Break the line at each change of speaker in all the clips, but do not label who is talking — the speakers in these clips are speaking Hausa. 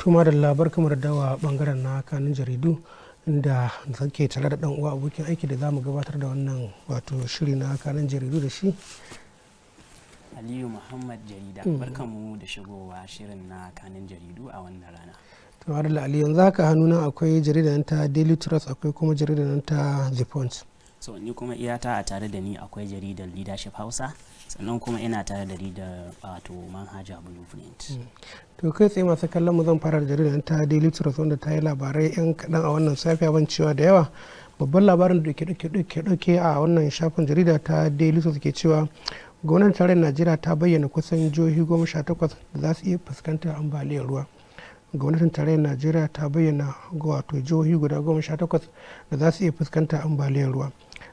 tuma da labar kamar dawa bangaren na kanin jaridu da ke tare da dan uwa abokin aiki da za mu gabatar da wannan wato shiri na kanin jaridu da shi
aliyu muhammad jarida mm. mu da shigowa shirin na kanin jaridu a wannan rana
to da Aliyu yanzu haka hannuna akwai jaridan ta daily trust akwai kuma jaridan ta the punch
so ni kuma iyata a tare da ni akwai jaridar leadership hausa sannan kuma ina tare da da wato manhaja blueprint
mm. to kai tsaye masu kallon mu zan fara da jaridar ta daily trust wanda ta yi labarai yan kaɗan a wannan safiya ban cewa da yawa babban labarin da ke ɗauke a wannan shafin jarida ta daily trust ke cewa gwamnatin tarayyar najeriya ta bayyana kusan jihohi goma sha takwas da za su iya fuskantar ambaliyar ruwa gwamnatin tarayyar najeriya ta bayyana wato jihohi guda goma sha takwas da za su iya fuskantar ambaliyar ruwa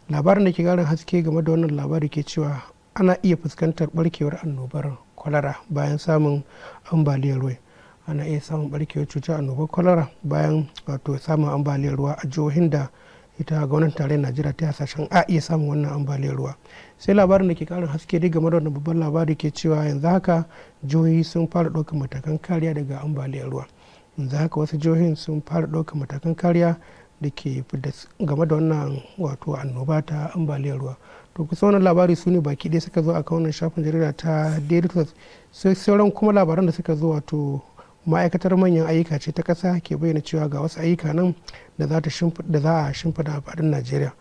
labarin da ke garin haske game da wannan labari ke cewa ana iya fuskantar barkewar annobar kwalara bayan samun ambaliyar ruwa ana iya samun barkewar cutar annobar kwalara bayan wato samun ambaliyar ruwa a jihohin da ita gwamnatin tarayyar najeriya ta yi hasashen a iya samun wannan ambaliyar ruwa sai labarin da ke karin haske dai game da babban labari ke cewa yanzu haka jihohi sun fara ɗaukar matakan kariya daga ambaliyar ruwa yanzu haka wasu jihohin sun fara ɗaukar matakan kariya da ke game da wannan wato annoba ta ambaliyar ruwa to kusa wannan labari su ne baki ɗaya suka zo a kawunan shafin jarida ta daily trust sai sauran kuma labaran da suka zo wato ma'aikatar manyan ayyuka ce ta ƙasa ke bayyana cewa ga wasu ayyuka nan da za a shimfiɗa a faɗin najeriya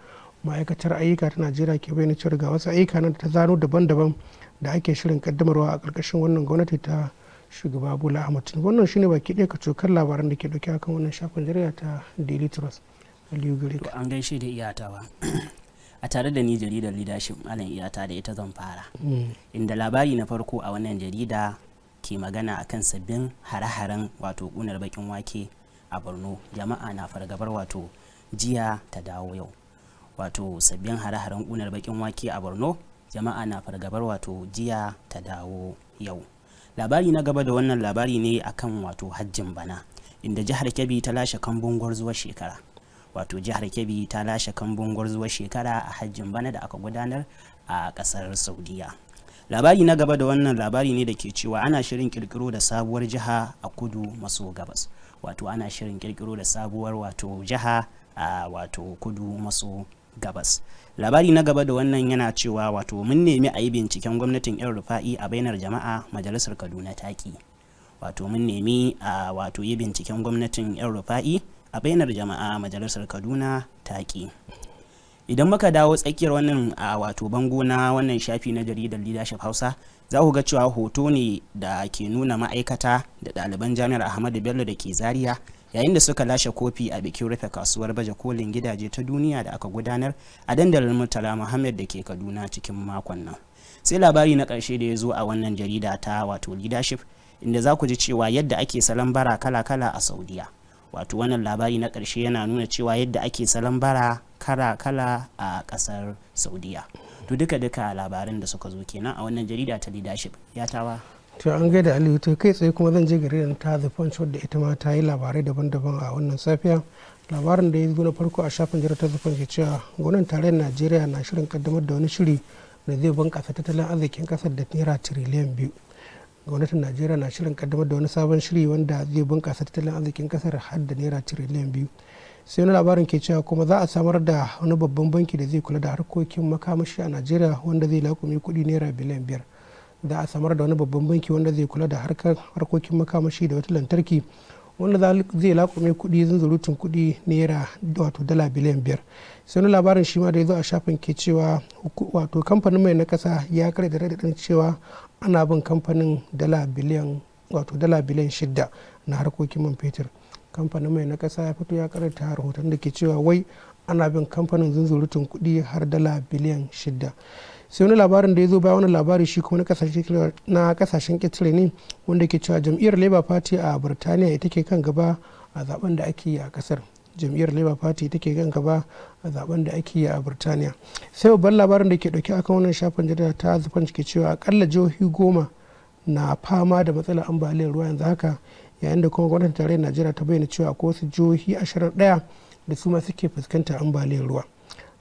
ma'aikatar ayyuka ta najeriya ke bayyana cewa ga wasu ayyuka na ta zano daban-daban da ake shirin kaddamarwa a ƙarƙashin wannan gwamnati ta shugaba bola ahmad wannan shine baki ɗaya ka cokar labaran da ke ɗauke akan wannan shafin jarida ta daily trust aliyu gari
an gaishe da iyatawa a tare da ni jaridar leadership alan iyata da ita zan fara mm. inda labari na farko a wannan jarida ke magana akan sabbin hare-haren wato kunar bakin wake a borno jama'a na fargabar wato jiya ta dawo yau wato sabbin hare-haren ƙunar bakin wake a borno jama'a na fargabar wato jiya ta dawo yau labari na gaba da wannan labari ne akan wato hajjin bana inda jihar kebbi ta lashe kambun gwarzuwar shekara wato jihar kebbi ta lashe kambun gwarzuwar shekara a hajjin bana da aka gudanar a kasar saudiya labari na gaba da wannan labari ne da ke cewa ana shirin kirkiro da sabuwar jiha a kudu maso gabas wato ana shirin kirkiro da sabuwar wato jiha a wato kudu maso gabas labari na gaba da wannan yana cewa wato mun nemi a yi binciken gwamnatin yan rufa'i a bainar jama'a majalisar kaduna taki wato mun nemi a wato yi binciken gwamnatin yan rufa'i a bainar jama'a majalisar kaduna ta taki idan muka dawo tsakiyar wannan a wato bango na wannan shafi na jaridar leadership hausa za ku ga cewa hoto ne da ke nuna ma'aikata da ɗaliban jami'ar ahmadu bello da ke zaria yayin da suka lashe kofi a bikin rufe kasuwar baje kolin gidaje ta duniya da aka gudanar a dandalin murtala muhammad da ke kaduna cikin makon nan sai labari na ƙarshe da ya zo a wannan jarida ta wato leadership inda za ku ji cewa yadda ake salon bara kala-kala a saudiya wato wannan labari na karshe yana nuna cewa yadda ake salon bara kala kala a ƙasar saudiya to duka duka labarin da suka zo kenan a wannan jarida ta leadership ya tawa
to an gaida aliyu to kai tsaye kuma zan je garin ta the punch wadda ita ma ta yi labarai daban-daban a wannan safiya labarin da ya zo na farko a shafin jarida ta the punch cewa gwamnatin tarayyar najeriya na shirin kaddamar da wani shiri da zai bunkasa tattalin arzikin kasar da naira tiriliyan biyu gwamnatin najeriya na shirin kaddamar da wani sabon shiri wanda zai bunkasa tattalin arzikin kasar har da naira tiriliyan biyu sai wani labarin ke cewa kuma za a samar da wani babban banki da zai kula da harkokin makamashi a najeriya wanda zai lakumi kudi naira biliyan biyar za a samar da wani babban banki wanda zai kula da harkokin makamashi da wata lantarki wanda zai lakume kuɗi zunzurutun kuɗi naira wato dala biliyan biyar sai wani labarin shi ma da ya zo a shafin ke cewa wato kamfanin mai na ƙasa ya karya da cewa ana bin kamfanin dala biliyan wato dala biliyan shidda na harkokin man fetur kamfanin mai na kasa ya fito ya karanta rahoton da ke cewa wai ana bin kamfanin zunzurutun kudi har dala biliyan shidda sai wani labarin da ya zo baya wani labari shi kuma na kasashen ƙetare ne wanda ke cewa jam'iyyar labour party a birtaniya ita ke kan gaba a zaben da ake yi a kasar jam'iyyar labour party take gan gaba a zaben da ake yi a birtaniya sai babban labarin da ke dauke akan wannan shafin jarida ta zufan ke cewa akalla jihohi goma na fama da matsalar ambaliyar ruwa yanzu haka yayin da kuma gwamnatin tarayyar najeriya ta bayyana cewa akwai wasu jihohi ashirin daya da su ma suke fuskantar ambaliyar ruwa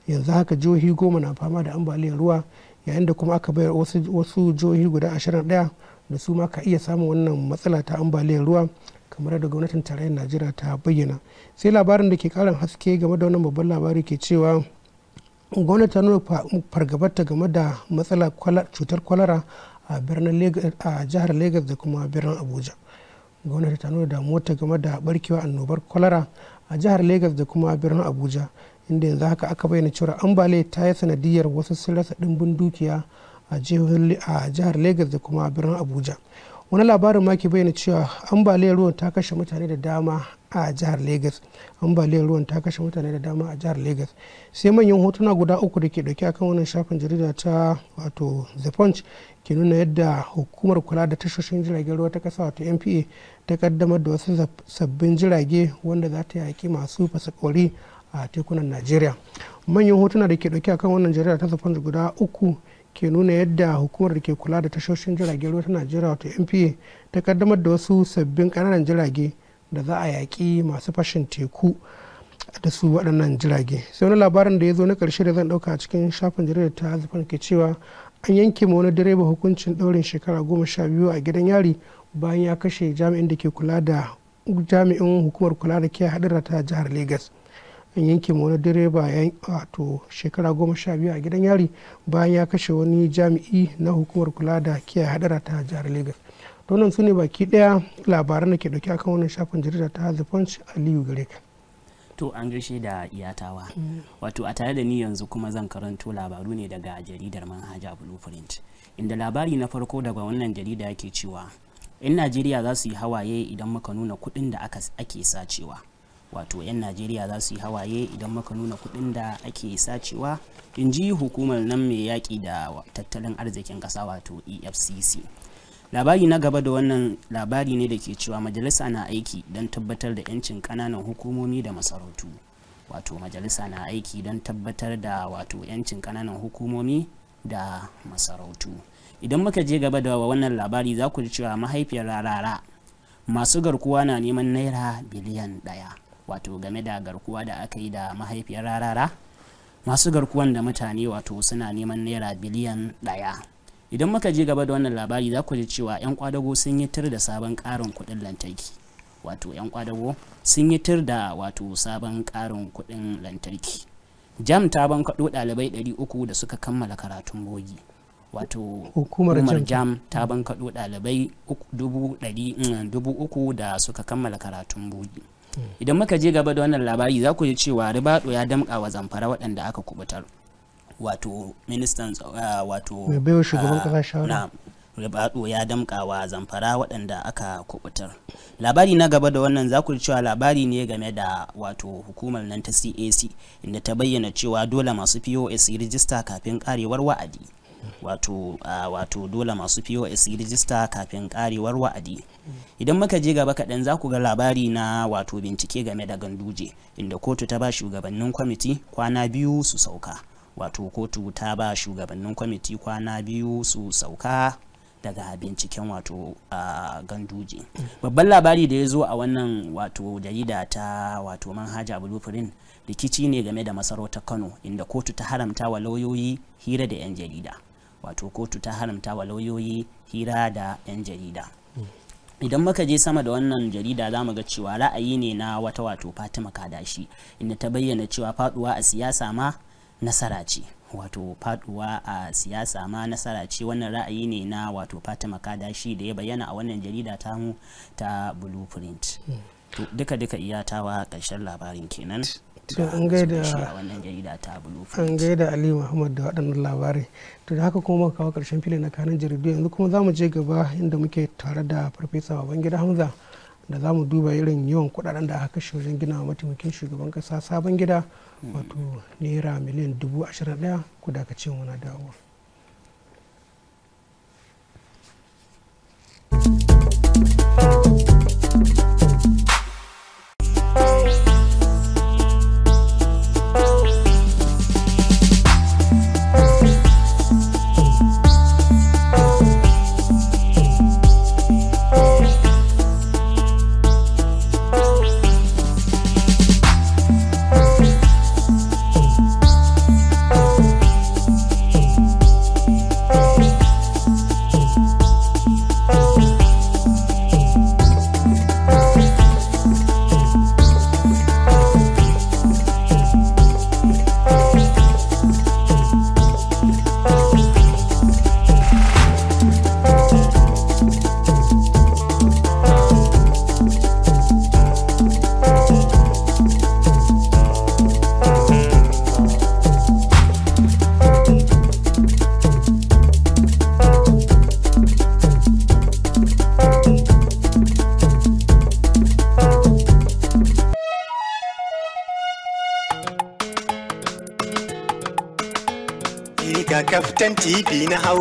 yanzu haka jihohi goma na fama da ambaliyar ruwa yayin da kuma aka bayar wasu jihohi guda ashirin daya da su ma ka iya samun wannan matsala ta ambaliyar ruwa kamar da gwamnatin tarayyar najeriya ta bayyana sai labarin da ke karin haske game da wannan babban labari ke cewa gwamnati ta nuna fargabarta game da matsalar cutar kwalara a jihar lagos da kuma birnin abuja gwamnati ta nuna damuwa ta game da barkewa annobar kwalara a jihar lagos da kuma birnin abuja inda yanzu haka aka bayyana cewa ambale ta yi sanadiyar wasu sun rasa dimbin dukiya a jihar lagos da kuma birnin abuja wani labarin ma ke bayyana cewa ambaliyar ruwan ta kashe mutane da dama a jihar lagos ambaliyar ruwan ta kashe mutane da dama a jihar lagos sai manyan hotuna guda uku da ke dauke akan wannan shafin jarida ta wato the punch ke nuna yadda hukumar kula da tashoshin jiragen ruwa ta kasa wato npa ta kaddamar da wasu sabbin jirage wanda za ta yaki masu fasakori a tekunan najeriya manyan hotuna da ke dauke akan wannan jarida ta the punch guda uku ke nuna yadda hukumar da ke kula da tashoshin jiragen ruwa ta najeriya wato npa ta kaddamar da wasu sabbin kananan jirage da za a yaƙi masu fashin teku da su waɗannan jirage sai wani labarin da ya zo na ƙarshe da zan ɗauka a cikin shafin jirage ta azufan ke cewa an yanke ma wani direba hukuncin ɗaurin shekara goma sha biyu a gidan yari bayan ya kashe jami'in da ke kula da jami'in hukumar kula da ke haɗura ta jihar lagos an yanke wani direba yan wato shekara goma sha biyu a gidan yari bayan ya kashe wani jami'i na hukumar kula da kiyaye hadara ta jihar lagos donan su ne baki daya labaran da ke dauke akan wannan shafin jarida ta the punch aliyu gare ka
to an gaishe da iyatawa mm. wato a tare da ni yanzu kuma zan karanto labaru ne daga jaridar manhaja blueprint inda labari na farko daga wannan jarida yake cewa 'yan najeriya za su yi hawaye idan muka nuna kuɗin da ake sacewa wato 'yan najeriya za su yi hawaye idan muka nuna kuɗin da ake sacewa in ji hukumar nan mai yaƙi da tattalin arzikin ƙasa wato efcc labari na gaba da wannan labari ne da ke cewa majalisa na aiki don tabbatar da 'yancin ƙananan hukumomi da masarautu wato majalisa na aiki don tabbatar da wato 'yancin ƙananan hukumomi da masarautu idan muka je gaba da wannan labari za ku ji cewa mahaifiyar rarara masu garkuwa na neman naira biliyan ɗaya wato game da garkuwa da aka yi da mahaifiyar rarara masu garkuwan da mutane wato suna neman naira biliyan ɗaya idan muka je gaba da wannan labari za ku ji cewa 'yan kwadago sun yi tir da sabon karin kuɗin lantarki wato 'yan kwadago sun yi tir da wato sabon karin kuɗin lantarki jam ta bankaɗo ɗalibai 300 da suka kammala karatun bogi wato hukumar jam ta bankaɗo ɗalibai 300 mm, da suka kammala karatun bogi idan muka je gaba da wannan labari za ku ji cewa ribado ya damƙa wa zamfara waɗanda aka kubutar wato ministan ah, wato ah, ribado ya damƙa wa zamfara waɗanda aka kubutar labari na gaba da wannan za ku ji cewa labari ne game da wato hukumar nan ta cac inda ta bayyana cewa dole masu pos rijista kafin karewar wa'adi wato wato dole masu pos yi kafin karewar wa'adi idan muka je gaba kaɗan za ku ga labari na wato bincike game da ganduje inda kotu ta ba shugabannin kwamiti kwana biyu su sauka wato kotu ta ba shugabannin kwamiti kwana biyu su sauka daga binciken wato a ganduje babban labari da ya zo a wannan wato jarida ta wato manhaja blueprint rikici ne game da masarautar kano inda kotu ta haramta wa lauyoyi hira da 'yan jarida wato kotu ta haramta wa lauyoyi hira da 'yan jarida idan muka je sama da wannan jarida za mu ga cewa ra'ayi ne na wata wato fatima kadashi inda ta bayyana cewa faduwa a siyasa ma nasara ce wato faduwa a siyasa ma nasara ce wannan ra'ayi ne na wato fatima kadashi da ya bayyana a wannan jarida ta mu ta blueprint hmm. duka duka iyatawa ƙarshen labarin kenan an gaida wannan
ali muhammad da waɗannan labarai to da haka kuma kawo karshen filin na kanan jaridu yanzu kuma za mu je gaba inda muke tare da farfesa babangida hamza da za mu duba irin yawan kuɗaɗen da aka kashe wajen gina mataimakin shugaban kasa sabon gida wato naira miliyan dubu ashirin ɗaya ku dakace muna dawo thank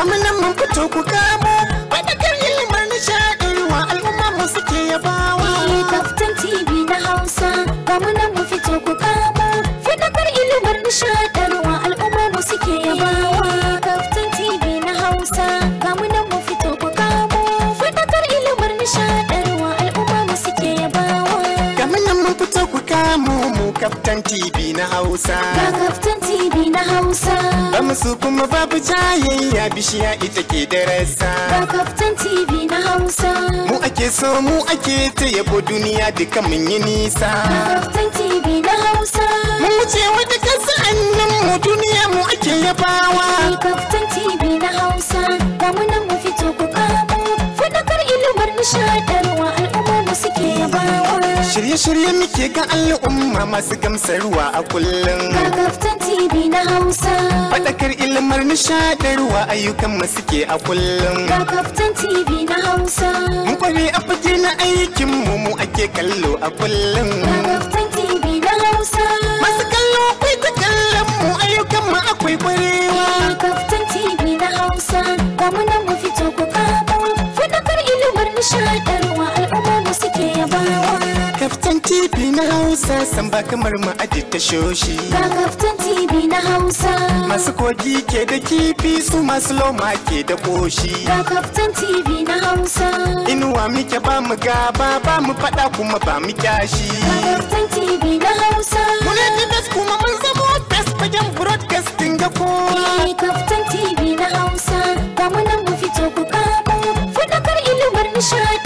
gamu nan mun fito ku kamo faɗakar ilimar nishaɗarwa al'umma mu suke yabawa
eh kaftan tv na hausa gamu nan mun fito ku kamo faɗakar ilimar nishaɗarwa al'umma mu suke yabawa kaftan tv na hausa
gamu nan mun fito ku kamo faɗakar ilimar nishaɗarwa al'umma mu suke yabawa gamu nan mun fito ku kamo mu kaftan tv na hausa ga kaftan musu kuma babu jayayya bishiya ita ke darasa. Ba
kaftan TV na Hausa.
Mu ake so mu ake ta yabo duniya duka mun yi nisa. Ba TV na Hausa. Mu wuce wata kasa annan mu duniya mu ake yabawa. hausa. Shirye-shirye muke ga al'umma masu gamsarwa a kullum. Kakaftan TV na Hausa. Faɗakar ilimar nishadarwa ayyukan mu suke a kullum. Kakaftan TV na Hausa. Mu kware a fage na aikin mu mu ake kallo a kullum. Kakaftan TV na Hausa. Masu kallo akwai ta
kallon mu ayyukan mu akwai kwarewa. Kakaftan TV na Hausa. Ga
mu nan mu fito ku kamo. Faɗakar ilimar nishaɗarwa. TV na Hausa san ba kamar mu aje ta shoshi. Ga kaftan TV na Hausa. Masu kogi ke da kifi su masu loma ke da koshi. Ga kaftan TV na Hausa. Inuwa muke ba mu gaba ba mu fada kuma ba mu kyashi. Ga kaftan TV na Hausa. Muna da best kuma mun zama best fagen broadcasting ga kowa. Eh kaftan TV na Hausa. Ga mu
nan mu fito ku kamo. Fadakar ilimin nishaɗi.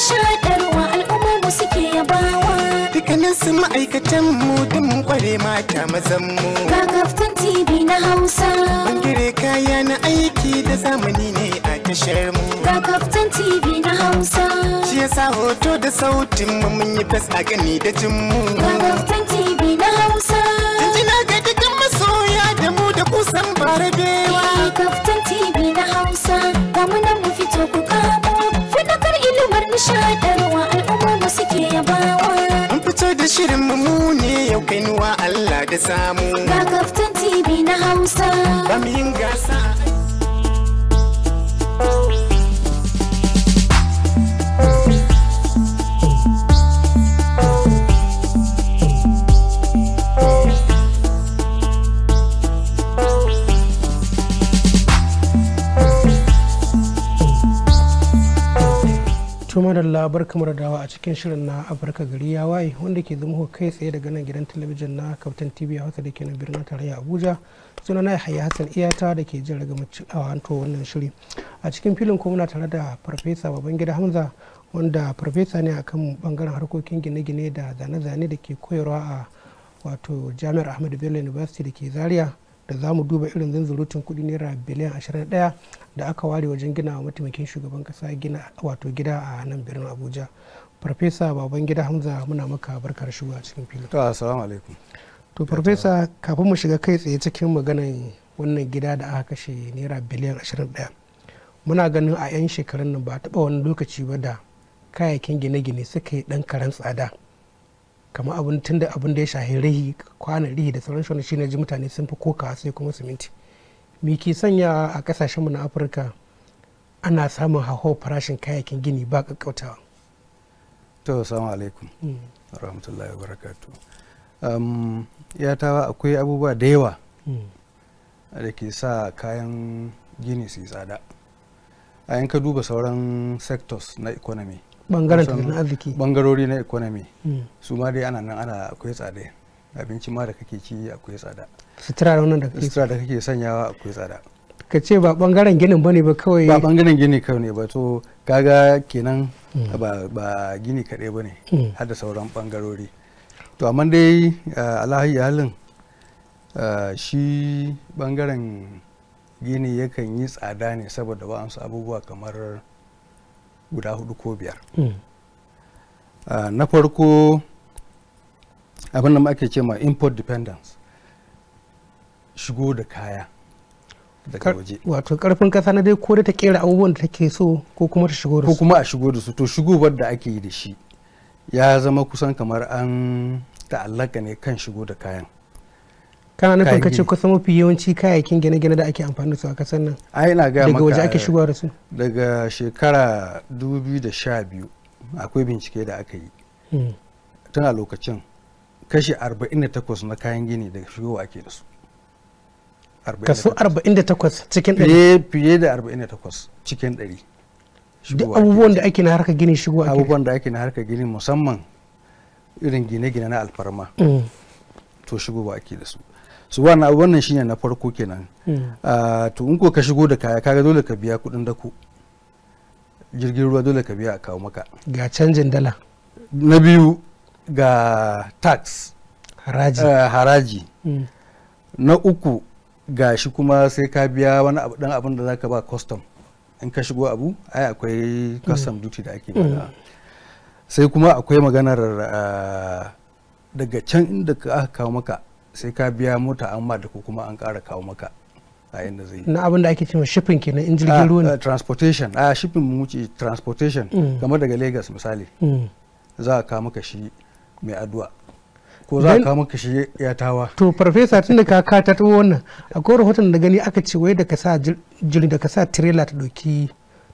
nishaɗarwa al'umma mu suke yabawa
dukkanin su ma'aikatan mu duk kware mata mazan mu ga kaftan tv na hausa bangare kaya na aiki da zamani ne a tashar mu ga kaftan tv na hausa shi yasa hoto da sautin mu mun yi fes a gani da jin mu ga kaftan tv na hausa jinjina ga dukkan masoya da mu da kusan barabewa suke yabawa an fito da shirin mu ne yau kai nuwa Allah da samu ga kaftan TV na Hausa ba mu yin gasa
madalla barkamu da dawa a cikin shirin na afirka gari ya waye wanda ke zama kai tsaye daga nan gidan talabijin na Captain tv a hausa da ke nan birnin tarayya abuja suna na yahaya hassan iyata da ke jin a hanto wannan shiri a cikin filin kuma muna tare da farfesa babangida hamza wanda farfesa ne akan bangaren harkokin gine-gine da zane-zane da ke koyarwa a wato jami'ar ahmadu bello university da ke zaria da za mu duba irin zanzurutun kuɗi naira biliyan 21 da aka ware wajen gina wa mataimakin shugaban kasa gina wato gida a nan birnin abuja farfesa baban gida hamza muna maka barkar shigo a cikin filin to
assalamu alaikum
to farfesa kafin mu shiga kai tsaye cikin maganan wannan gida da aka kashe naira biliyan 21 muna ganin a 'yan shekarun nan ba taɓa wani lokaci ba da kayayyakin gine-gine suka yi ɗan karen tsada kamar abin tun da abin da ya shahi rihi kwana rihi da sauran shi ne ji mutane sun fi koka sai kuma siminti mi ke sanya a kasashen mu na afirka ana samun haho farashin kayayyakin gini ba kakkautawa
to alaikum hmm. rahmatullahi barakatu ya tawa akwai abubuwa da yawa hmm. da ke sa kayan gini su yi tsada a yanka duba sauran sectors na economy bangaren tattalin arziki bangarori na economy hmm. su ma dai ana nan ana akwai tsada abinci ma da kake ci akwai tsada sutura da wannan da kake sutura da kake sanyawa akwai tsada ka ce ba bangaren ginin bane ba kawai ba bangaren gini kawai ne ba to kaga kenan hmm. ba ba gini kaɗai bane hmm. har da sauran bangarori to amma dai eh, alhaji halin eh, shi bangaren gini yakan yi tsada ne saboda wa'ansu abubuwa kamar guda hudu ko biyar hmm. ah, na farko abin da ake ce ma import dependence shigo da kaya daga waje
wato karfin kasa na dai ko da ta
kera abubuwan da take so ko kuma ta shigo da su ko kuma a shigo da su to shigowar da ake yi da shi ya zama kusan kamar an ta'allaka ne kan shigo da kayan
kana nufin ka ce kusan mafi yawanci kayayyakin gine-gine da ake amfani su a kasar nan ai ina ga daga waje ake shigo da su
daga shekara 2012 akwai bincike da aka yi hmm. tun a lokacin kashi 48 na kayan gini daga shigowa ake da su kaso 48 cikin 100 fiye da 48 cikin 100 duk abubuwan da ake na harkar gini shigo ake abubuwan da ake na harkar gini musamman irin gine-gine na alfarma hmm. to shigo ba ake da su su wani abu wannan shine na farko kenan hmm. ah, to in ko ka shigo da kaya kaga dole ka biya kuɗin dako jirgin ruwa dole ka biya a kawo maka
ga canjin dala
na biyu ga tax haraji, eh, haraji. Hmm. na uku ga shi kuma sai ka biya wani abu dan abin da zaka ba custom in ka shigo abu ai akwai custom hmm. duty da ake sai kuma akwai maganar ah, daga can inda aka kawo maka sai ka biya mota an ma da ko kuma an ƙara kawo maka a inda zai na
abin da ake cewa shipping kenan in jirgin ruwa ne ah, ah,
transportation a ah, shipping mu wuce transportation mm. kamar daga Lagos misali mm. za a kawo maka shi mai addu'a ko za a kawo maka shi ya tawa
to farfesa tun da ka ka ta tawo wannan akwai rahoton da gani aka ce wai da ka sa jirgin da ka sa trailer ta doki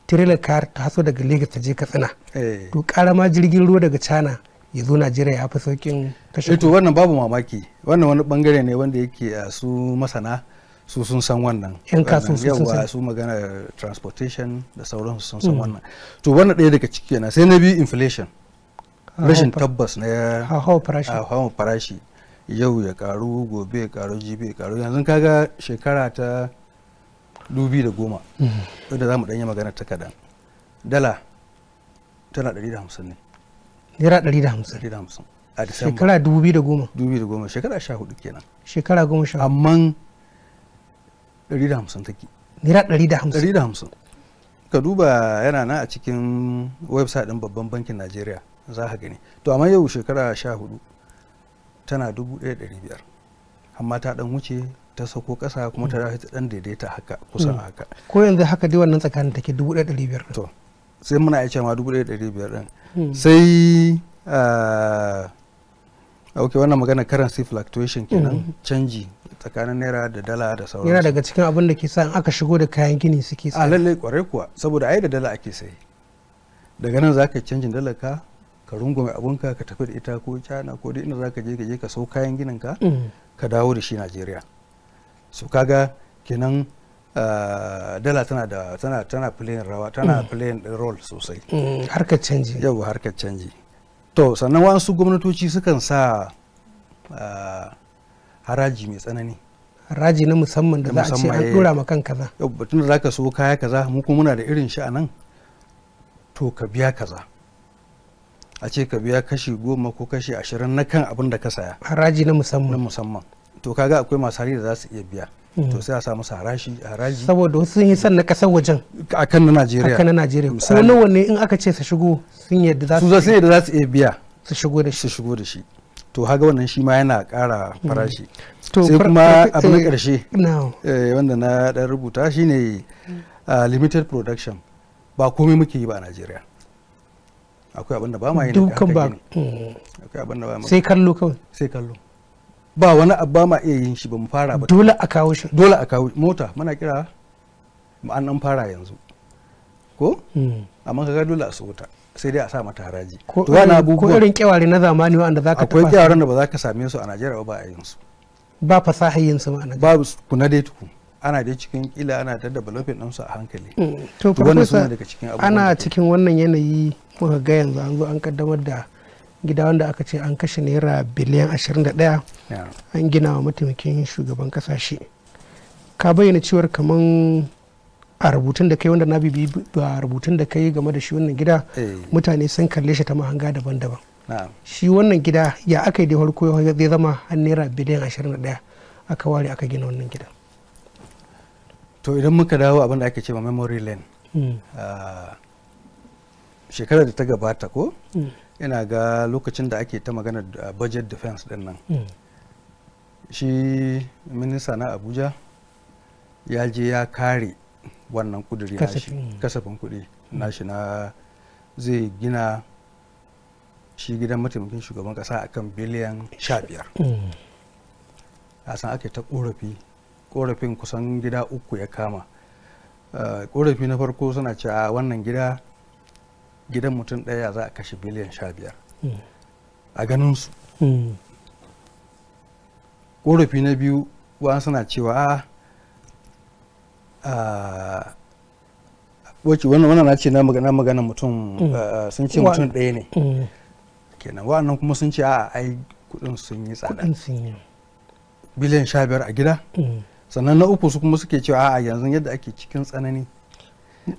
trailer ka ta haso daga Lagos ta je Katsina eh. to karama jirgin ruwa daga China Yanzu najeriya ya fi saukin kashe eh to
wannan babu mamaki wannan wani bangare ne wanda yake ah, su masana su sun san wannan yan su sun san su magana transportation da sauransu sun san mm. wannan to wannan ɗaya daga ciki yana sai na biyu inflation rashin tabbas na hawan farashi yau ya karu gobe ya karu jibi ya karu yanzu kaga shekara ta dubi da goma mm. inda za mu ɗanyi magana ta kaɗan dala tana 150 ne naira ɗari da hamsin da hamsin a disamba shekara dubu biyu da goma dubu biyu da goma shekara sha hudu kenan shekara goma sha Amman ɗari da hamsin take naira ɗari da hamsin ɗari da hamsin ka duba yana nan a cikin website ɗin babban bankin najeriya za ka gani to amma yau shekara sha hudu tana dubu ɗaya ɗari biyar amma ta ɗan wuce ta sauko ƙasa kuma ta mm. ɗan daidaita haka kusan mm. haka
ko yanzu haka dai wannan tsakanin take dubu ɗaya ɗari biyar
to sai muna iya cewa dubu ɗaya ɗari biyar ɗin hmm. sai A ah, ok wannan magana currency fluctuation kenan hmm. canji tsakanin naira da dala da sauransu yana daga
cikin abin da ke sa in aka shigo da kayan gini suke sa. a lallai
kwarai kuwa saboda ai da dala ake sai daga nan zaka canjin dala ka ka rungume abun ka tafi da ita ko cana ko duk inda zaka je ka je ka sau kayan ginin ka hmm. ka dawo da shi Najeriya so kaga kenan Eh, dala tana da tana tana playing rawa tana mm. playing role sosai
mm, harkar canji
yau harkar canji to sannan wasu gwamnatoci sukan sa eh, haraji mai tsanani haraji na musamman da za a ce an dora eh. ma kan kaza yau batun da zaka so kaya kaza mu kuma muna da irin shi a nan to ka biya kaza a ce ka biya kashi goma ko kashi ashirin na kan abin da ka saya haraji na musamman na musamman to kaga akwai masu hari da za su iya biya Mm. to sai a samu a haraji saboda wasu sun yi san na kasar wajen kan na Najeriya A kan na Najeriya ko Wani
wanne in aka ce su shigo sun yadda za su su sun yadda
za su iya biya su shigo da shi su shigo da shi to haga wannan shi ma yana ƙara mm. farashi sai kuma abin na ƙarshe eh, wanda na ɗan rubuta shine mm. ah, limited production ba komai muke yi ba a Najeriya akwai abin da ba ma yi ne akwai abin da ba ma sai kallo kawai sai kallo ba wani Abba ma iya yin shi ba mu fara ba dole a kawo shi dole a kawo mota muna kira mu an nan fara yanzu ko hmm. amma kaga dole a sota sai dai a sa mata haraji ko irin
kewari na zamani wanda zaka akwai kyawaren da
ba za ka same su a Najeriya ba a yin su
ba fasahar yin su
ma'ana babu na dai tuku ana dai cikin kila ana ta developing ɗansu a hankali hmm. to wannan suna daga cikin abubuwa ana
cikin wannan yanayi muka ga yanzu an zo an kaddamar da gida wanda aka ce an kashe naira biliyan 21 an gina wa mataimakin shugaban kasashe. ka bayyana cewar kamar a rubutun da kai wanda na bibi ba rubutun da kai game da shi wannan gida eh. mutane sun kalle shi ta mahanga daban-daban shi wannan gida ya aka yi da farko zai zama an naira biliyan 21 aka ware aka gina wannan gida
to idan muka dawo abin da ake ma memory lane hmm. ah, shekarar da ta gabata ko hmm. ina ga lokacin da ake ta magana da budget defense din nan hmm. shi minista na abuja ya je ya kare wannan kudiri kasafin kudi hmm. nashi na zai gina shi gidan mataimakin shugaban kasa akan biliyan 15 hmm. a san ake ta korafi korafin kusan gida uku ya kama eh, korafi na farko suna cewa wannan gida gidan mutum ɗaya za a kashe biliyan sha biyar hmm. a ganinsu hmm. ƙorafi na biyu wa suna cewa a ah, ah, wace wannan wannan na ce na magana magana mutum hmm. ah, sun ce mutum ɗaya ne kenan wa'annan kuma sun ce a ai kudin sun yi tsada biliyan sha biyar a gida sannan na uku su kuma suke cewa a yanzu yadda ake cikin tsanani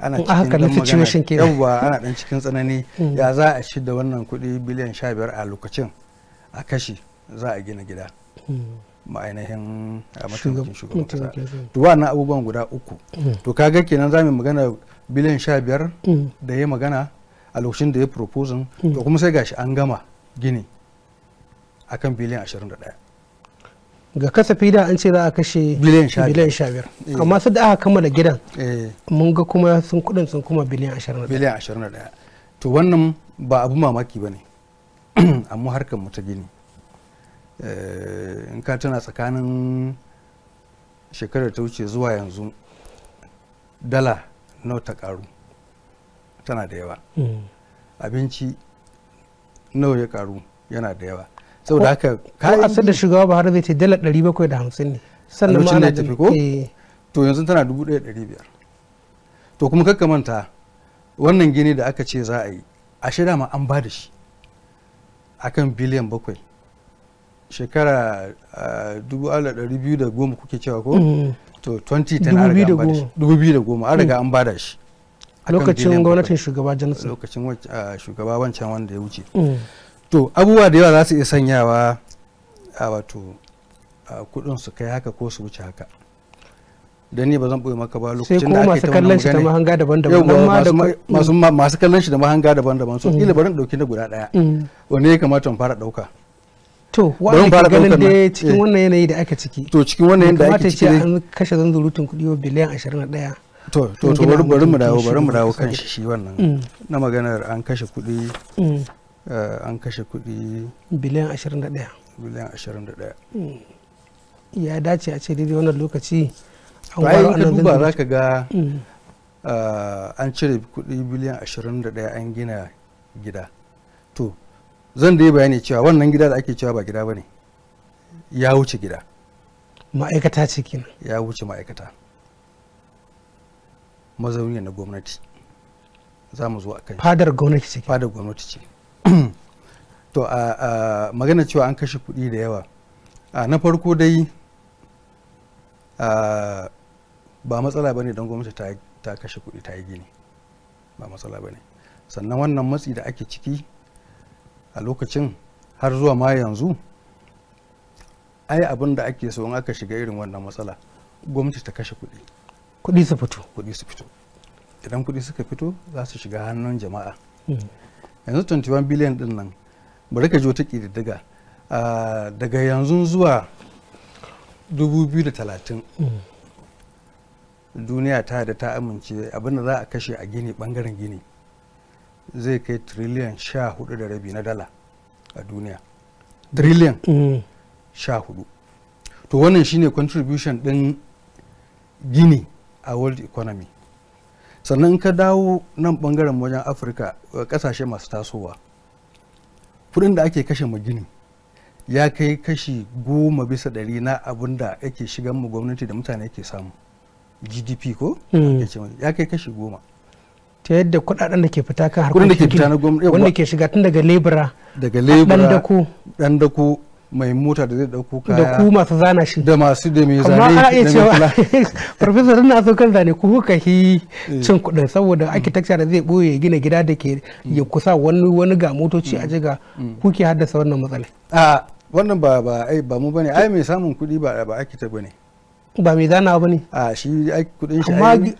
ana cikin dan magana yawwa ana dan cikin tsanani hmm. ya za a shi da wannan kuɗi biliyan sha biyar a lokacin a kashi za a gina gida hmm. ma'ainihin a mataimakin shugaban kasa to wannan abubuwan guda uku hmm. to kaga kenan za mu magana biliyan sha biyar da ya magana a lokacin da ya proposing to kuma sai gashi an gama gini akan biliyan ashirin da ɗaya ga kasafi da an
ce za a kashe biliyan sha biyar eh. amma su da aka kammala gidan eh. mun ga kuma sun kudin sun kuma biliyan ashirin biliyan
ashirin da daya to wannan ba abu mamaki ba ne amma harkar mu ta gini eh, in ka tana tsakanin shekarar ta wuce zuwa yanzu dala nawa ta karu tana da yawa hmm. abinci nawa ya karu yana da yawa saboda haka ka asar da
shugaba Buhari zai ce dala 750 ne sannan ma ana tafi ko eh.
to yanzu tana 1500 to kuma kakka manta wannan gini da aka ce za a yi a shida ma an ba da shi akan biliyan bakwai shekara 2010 ah, kuke cewa ko mm. to 2010 2010 an riga an ba da shi
mm. lokacin gwamnatin
shugaba johnson lokacin ah, shugaba wancan wanda ya wuce mm. to abubuwa da yawa za su iya sanyawa a wato kudin su kai haka ko su wuce haka da ni ba zan boye maka ba lokacin da ake ta shi da mahanga daban-daban masu masu kallon shi da mahanga daban-daban so mm. kila barin dauki na guda daya mm. wanda ya kamata in fara dauka
to wani fara ganin da cikin wannan yanayi da ake ciki to cikin wannan yanayi da ake ciki ne an kashe zanzurutun kudi biliyan 21 to to to bari mu dawo
bari mu dawo kan shi wannan mm. na maganar an kashe kudi Eh, an kashe kuɗi biliyan 21 biliyan 21
hmm. ya dace a ce daidai wannan lokaci an gwaro an duba za ka ga hmm.
eh, an cire kuɗi biliyan 21 an gina gida to zan yi bayani cewa wannan gida da ake cewa ba gida ba ne ya wuce gida
ma'aikata ce kenan
ya wuce ma'aikata mazauni na gwamnati za mu zo a kai fadar gwamnati ce fadar gwamnati ce to a magana cewa an kashe kuɗi da yawa na farko dai ba matsala ba ne don gwamnati ta kashe kuɗi ta yi gini ba matsala ba sannan wannan matsi da ake ciki a lokacin har zuwa ma yanzu ai abin da ake so in aka shiga irin wannan matsala gwamnati ta kashe kuɗi kuɗi su fito kuɗi su fito idan kuɗi suka fito za su shiga hannun jama'a hmm. yanzu 21 biliyan din nan bari ka ji wata ƙididdiga ah, daga yanzu zuwa 2030 duniya ta da ta amince abinda za a kashe a gini bangaren gini zai kai triliyan sha hudu da rabi na dala a duniya triliyan sha hudu to wannan shine contribution din gini a world economy sannan ka dawo nan bangaren wajen afirka kasashe eh, masu tasowa kudin da ake kashe mu ya kai kashi goma bisa ɗari na abin da ake shigan mu gwamnati da mutane ke samu gdp ko hmm. ya kai kashi goma
ta yadda kudaden da ke fita ka harkar wanda ke
shiga tun daga lebura daga lebura dan dan dako mai mota da zai dauko kaya da ku masu zana shi da masu da mai zane amma ana iya cewa
din na so kan zane ku kuka hi eh. cin kudin saboda architecture da zai boye gina gida da ke ya mm. kusa wani wani ga motoci a mm. jiga
mm. kuke haddasa wannan matsalar a wannan ba ba ai ba mu bane ai mai samun kudi ba ba architect bane
ba mai zana ba ne a shi kudin shi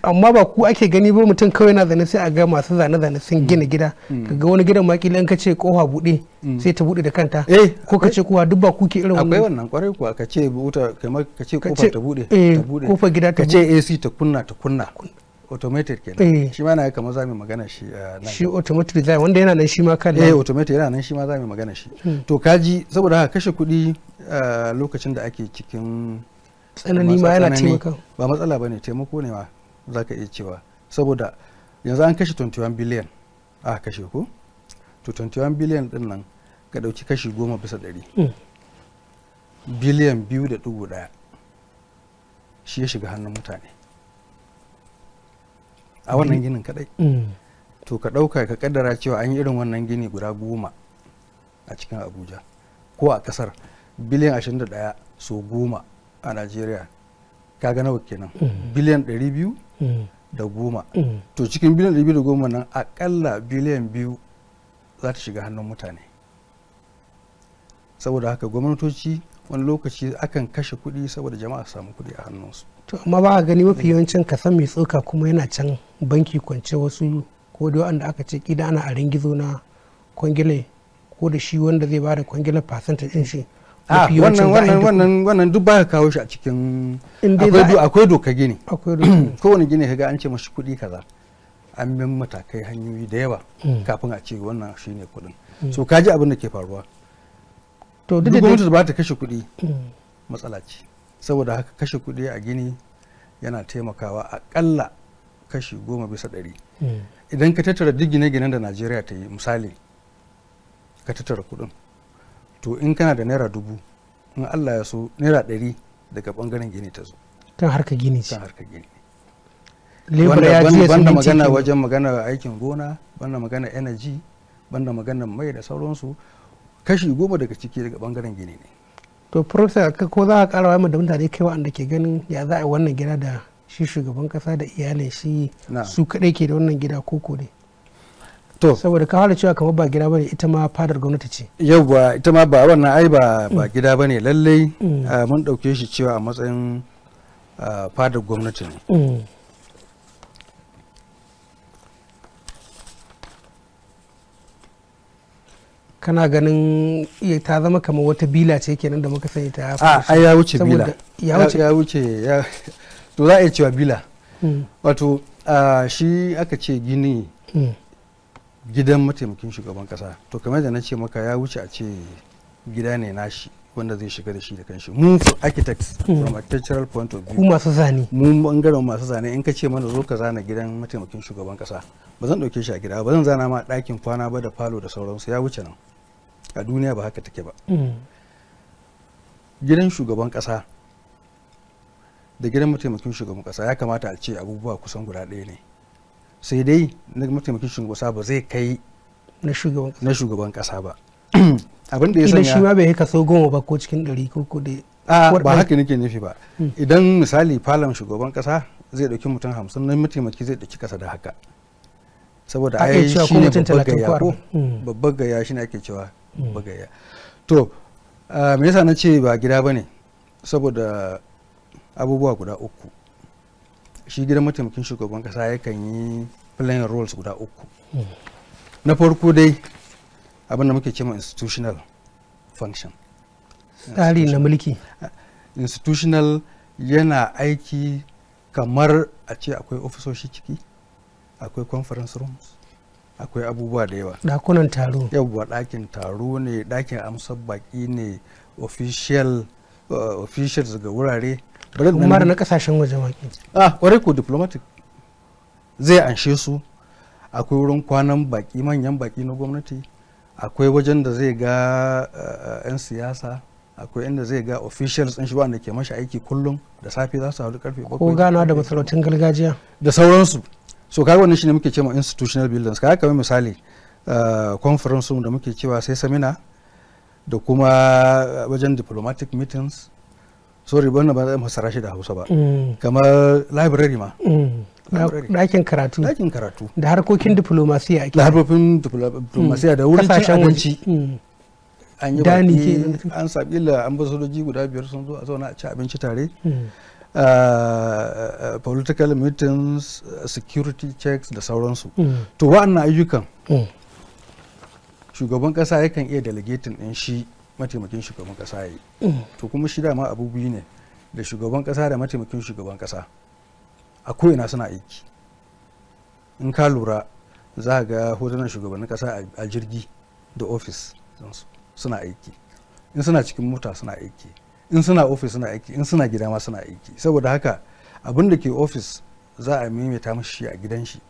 amma ba ku ake gani ba mutum kawai na zane sai a ga masu zane zane sun gina mm. gida mm. Ka ga wani gidan ma in ka ce kofa bude mm. sai ta bude da kanta eh, ko ka ce kowa duk ba ku ke irin wannan akwai wannan
kwarai kuwa ka ce buta kamar ka ce kofa ta bude eh, ta bude kofa gida ta ce AC ta kunna ta kunna automated kenan eh. shi ma na kamar za mu magana shi nan shi automated zai wanda yana nan shi ma kan eh automated yana nan shi ma za mu magana shi hmm. to kaji saboda haka kashe kuɗi lokacin da ake cikin
tsanani ma yana taimaka
ba matsala ba ne taimako ne ma za ka iya cewa saboda yanzu an kashe 21 biliyan a kashe ko to 21 biliyan din nan ka dauki kashi goma bisa ɗari hmm. biliyan biyu da dubu ɗaya shi ya shiga hannun mutane a wannan ginin kadai hmm. to ka ɗauka ka kaddara cewa an yi irin wannan gini guda goma a cikin abuja ko a kasar biliyan 21 so goma a najeriya kaga nawa kenan mm. biliyan 200 mm. mm. to cikin biliyan 200 nan akalla biliyan biyu za ta shiga hannun mutane saboda haka gwamnatoci wani lokaci akan kashe kudi saboda jama'a samu kudi a hannunsu
to amma ba a gani mafi eh. yawancin kasan mai tsoka kuma yana can banki kwance wasu ko da wanda aka ce kida ana a ringizo na kwangile ko da shi
wanda zai ba da kwangilar fasanta din shi
a ah, wannan wannan
wannan duk baka kawo shi a cikin akwai doka gini kowane gini kaga an ce mashi kuɗi kaza an bin matakai hanyoyi da yawa hmm. kafin a ce wannan shi ne kuɗin hmm. so ji abin da ke faruwa
to duk gwamnati ba ta
kashe kuɗi hmm. matsala ce saboda haka kashe kuɗi a gini yana taimakawa akalla kashi goma bisa ɗari idan ka tattara duk gine-ginen da najeriya ta yi misali ka tattara kuɗin to in kana da naira dubu in allah ya so naira ɗari daga bangaren gini ta zo kan harka gini kan harka gini Wanda banda magana wajen magana aikin gona banda magana energy banda magana mai da sauransu kashi goma daga ciki daga bangaren gini ne
to professor ko za a kara wa da mutane kai wa'anda ke ganin ya za a wannan gida da shi shugaban kasa da iyalin shi su kadai ke da wannan gida koko ne to saboda ka hana cewa kamar ba gida bane ita ma fadar gwamnati ce
yauwa ita ma ba wannan ai ba ba mm. gida bane lallai mm. ah, mun dauke shi cewa a matsayin ah, fadar gwamnati ne mm. kana
ganin ta zama kamar wata bila ce kenan da muka sani ta a ah, ya wuce bila ya
wuce ya to za a iya cewa bila wato shi aka ce gini gidan mataimakin shugaban kasa to kamar da na ce maka ya wuce a ce gida ne nashi wanda zai shiga da shi da kanshi mu architects hmm. from a cultural point of view masu zane mu bangaren masu zane in ka ce mana zo ka zana gidan mataimakin shugaban kasa ba zan dauke shi a gida ba zan zana ma ɗakin kwana ba da falo da sauransu ya wuce nan a duniya ba haka take ba hmm. gidan shugaban kasa da gidan mataimakin shugaban kasa ya kamata a ce abubuwa kusan guda ɗaya ne sai dai na mataimakin shugaban kasa ba zai kai na shugaban kasa ba abin da ya sanya shi ma
bai kaso goma ba ko cikin ɗari ko ko dai
ba haka nake nufi ba hmm. idan misali falon shugaban kasa zai ɗauki mutum hamsin na mataimaki zai ɗauki kasa da haka saboda ai shi ne babbar gaya ko hmm. babbar gaya shi ne ake cewa hmm. babbar gaya to me yasa na ce ba gida ba ne saboda abubuwa guda uku shi gidan mataimakin shugaban kasa yakan yi playing roles guda uku na farko dai abin da muke cewa institutional function tsari na mulki institutional yana aiki kamar a ce akwai ofisoshi ciki akwai conference rooms akwai abubuwa da yawa dakunan taro yawa dakin taro ne dakin amsar baki ne official uh, officials ga wurare umar na
kasashen waje maki
A ah, kwarai ko diplomatic zai anshe su akwai wurin kwanan baki manyan baki na gwamnati akwai wajen da zai ga eh, 'yan siyasa akwai inda zai ga officials in shi wanda ke mashi aiki kullum da safe za su haɗu karfe bakwai ko gana da masarautun gargajiya da sauransu so kaga wannan shine muke cewa institutional buildings kaga kamar misali eh, conference da muke cewa sai seminar da kuma wajen diplomatic meetings sorry wannan ba zai fassara shi da hausa ba mm. kamar library ma
mm. ɗakin karatu ɗakin karatu da harkokin diplomasiya da
harkokin diplomasiya da wurin cin abinci mm. an yi baki an sabila ambasadoji guda biyar sun zo a zauna a ci abinci tare ah, ah, ah, political meetings security checks da sauransu to wa'annan ayyukan shugaban kasa yakan iya delegating din shi mataimakin shugaban kasa ya yi mm. to kuma shi dama abu biyu ne da shugaban kasa da mataimakin shugaban kasa a ko'ina suna aiki in ka lura za ga hotunan shugabannin kasa a jirgi da ofis suna aiki in suna cikin mota suna aiki in suna ofis suna aiki in suna gida ma suna aiki saboda haka abin da ke ofis za a maimaita mashi a gidan shi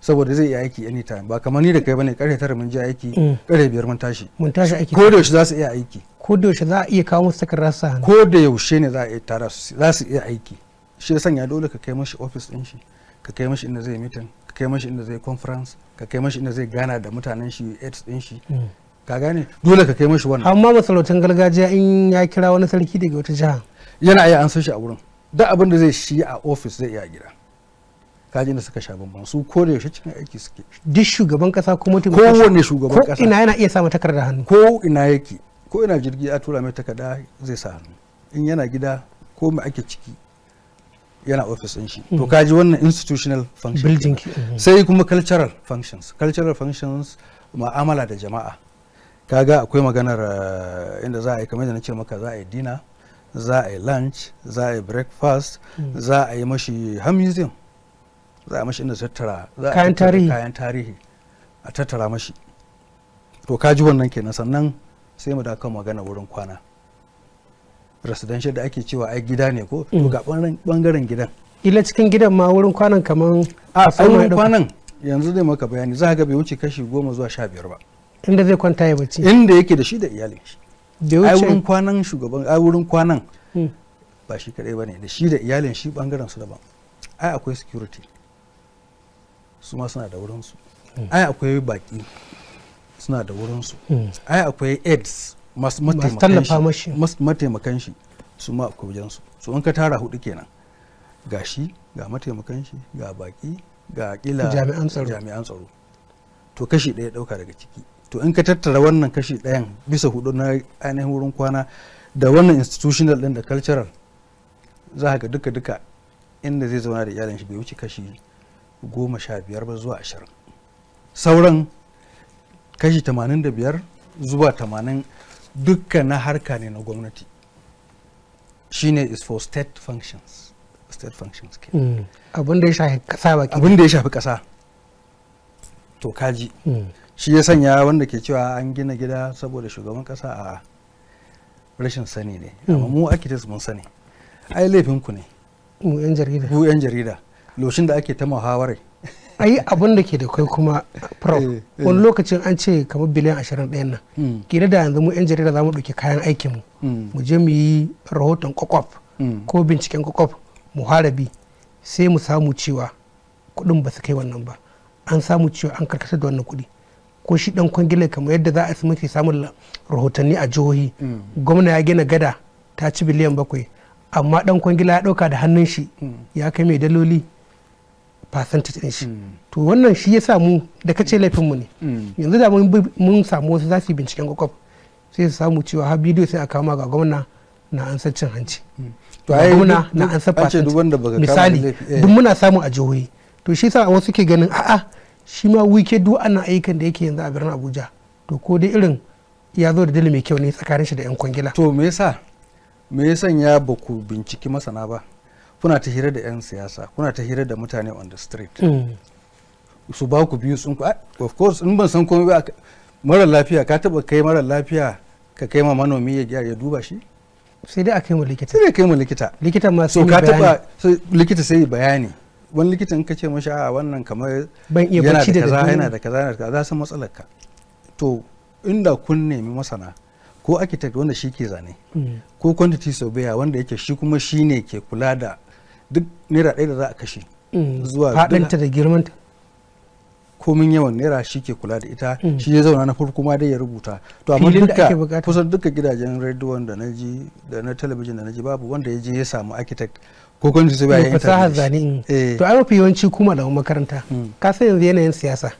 saboda zai yi aiki anytime ba kamar ni da kai bane karfe tara mun je aiki mm. karfe biyar mun tashi mun tashi aiki ko da yaushe za su iya aiki
ko da yaushe za a iya kawo musu takarda su hannu
ko da yaushe ne za a iya tara su za su iya aiki shi ya sanya dole ka kai mashi office din shi ka kai mashi inda zai meeting ka kai mashi inda zai conference ka kai mashi inda zai gana da mutanen shi aids din shi mm. ka gane dole ka kai mashi wannan amma
masarautar gargajiya in ya kira wani sarki daga wata jiha
yana iya an san shi a wurin duk abin da zai shi a office zai iya gida kaji da suka sha bambam su ko da yaushe cikin aiki suke duk shugaban kasa ko mutum wanne shugaban kasa ko ina yana iya sa mata takarda hannu ko ina yake ko ina jirgi a tura mai takarda zai sa hannu in yana gida ko mai ake ciki yana ofis din shi to hmm. kaji wannan institutional function building hmm. sai kuma cultural functions cultural functions ma'amala da jama'a kaga akwai maganar eh, inda za a yi kamar da na ce maka za a yi dina za a yi lunch za a yi breakfast hmm. za a yi mashi har museum za a mashi inda tattara za kayan tarihi kayan tarihi a tattara mashi to ka ji wannan kenan sannan sai mu dakan magana wurin kwana residential da ake cewa ai gida ne ko to mm. ga bangaren gidan ila cikin gidan ma wurin kwanan kaman a wurin kwanan yanzu zai maka bayani za ga bai wuce kashi goma zuwa sha biyar ba
inda zai kwanta ya bacci
inda yake da shi da iyalin shi ai wurin kwanan shugaban ai wurin kwanan mm. ba shi kadai bane da shi da iyalin shi bangaren su daban ai akwai security su ma suna da wurinsu hmm. ai akwai baki suna da wurinsu hmm. ai akwai aids masu mataimakan shi su ma akwai wajensu su in ka tara hudu kenan ga shi ga mataimakan shi ga baki ga kila jami'an tsaro to kashi ɗaya ɗauka daga ciki to in ka tattara wannan kashi ɗayan bisa hudu na ainihin wurin kwana da wannan institutional ɗin da cultural za ka duka duka inda zai zauna da iyalin shi bai wuce kashi goma sha biyar ba zuwa ashirin sauran kashi tamanin da biyar zuwa tamanin dukkan na harka ne na gwamnati shine is for state functions state functions ke
hmm. abin da ya shafi kasa ba abin da ya shafi
kasa to kaji hmm. shi ya sanya wanda ke cewa an gina gida saboda shugaban kasa a rashin sani ne hmm. amma mu akitis mun sani ai laifinku ne mu yan jarida mu yan jarida loshin da ake ta muhawarai
yi abin da ke da kai kuma prof eh, eh. wani lokacin an ce kamar biliyan ashirin ɗayan nan hmm. kila da yanzu mu yan jarida za mu ɗauki kayan aikin mu hmm. mu je mu yi rahoton kwakwaf hmm. ko binciken kwakwaf mu harabi sai mu samu cewa kuɗin ba su kai wannan ba an samu cewa an karkatar da wannan kuɗi ko shi dan kwangila kamar yadda za a su muke samun rahotanni a jihohi gwamna ya gina gada ta ci biliyan bakwai amma dan kwangila ya ɗauka da hannun shi ya kai mai daloli percentage din shi hmm. to wannan shi ya mu da kace hmm. laifin mu ne hmm. yanzu da mun samu wasu zasu binciken kwakwaf sai su samu cewa har bidiyo sai a kama ga gwamna na san cin hanci to ai gwamna na an san percentage misali eh. duk muna samu a jihohi to shi sa wasu ke ganin a'a shi ma wike duk ana ayyukan da yake yanzu a birnin Abuja to ko dai irin ya zo da dali mai kyau ne tsakanin shi da yan kwangila
to me yasa me yasa ya baku binciki masana ba kuna ta hira da 'yan siyasa kuna ta hira da mutane on the street hmm. su ba ku biyu sun ah, of course in ban san komai ba mara lafiya ka taba kai mara lafiya ka kai ma manomi ya ya duba shi sai dai a kai mu likita sai dai kai mu likita likita ma sai ka taba likita sai bayani wani likita in ka ce mashi a ah, wannan kamar ban iya bacci da kaza yana da kaza yana da kaza san matsalar ka to inda kun nemi masana ko architect wanda shi ke zane hmm. ko quantity surveyor wanda yake shi kuma shi ne ke kula da duk naira ɗaya da za a kashe
mm. zuwa faɗinta da
girmanta komin yawan naira shi ke kula da ita mm. shi ya zauna na farko ma dai ya rubuta to amma duka kusan duka gidajen rediyon da na ji da na talabijin da na ji babu wanda ya je ya samu architect ko kwanci su yin mm, fasaha zane eh. to an
rufe yawanci kuma da makaranta ka san yanzu yanayin siyasa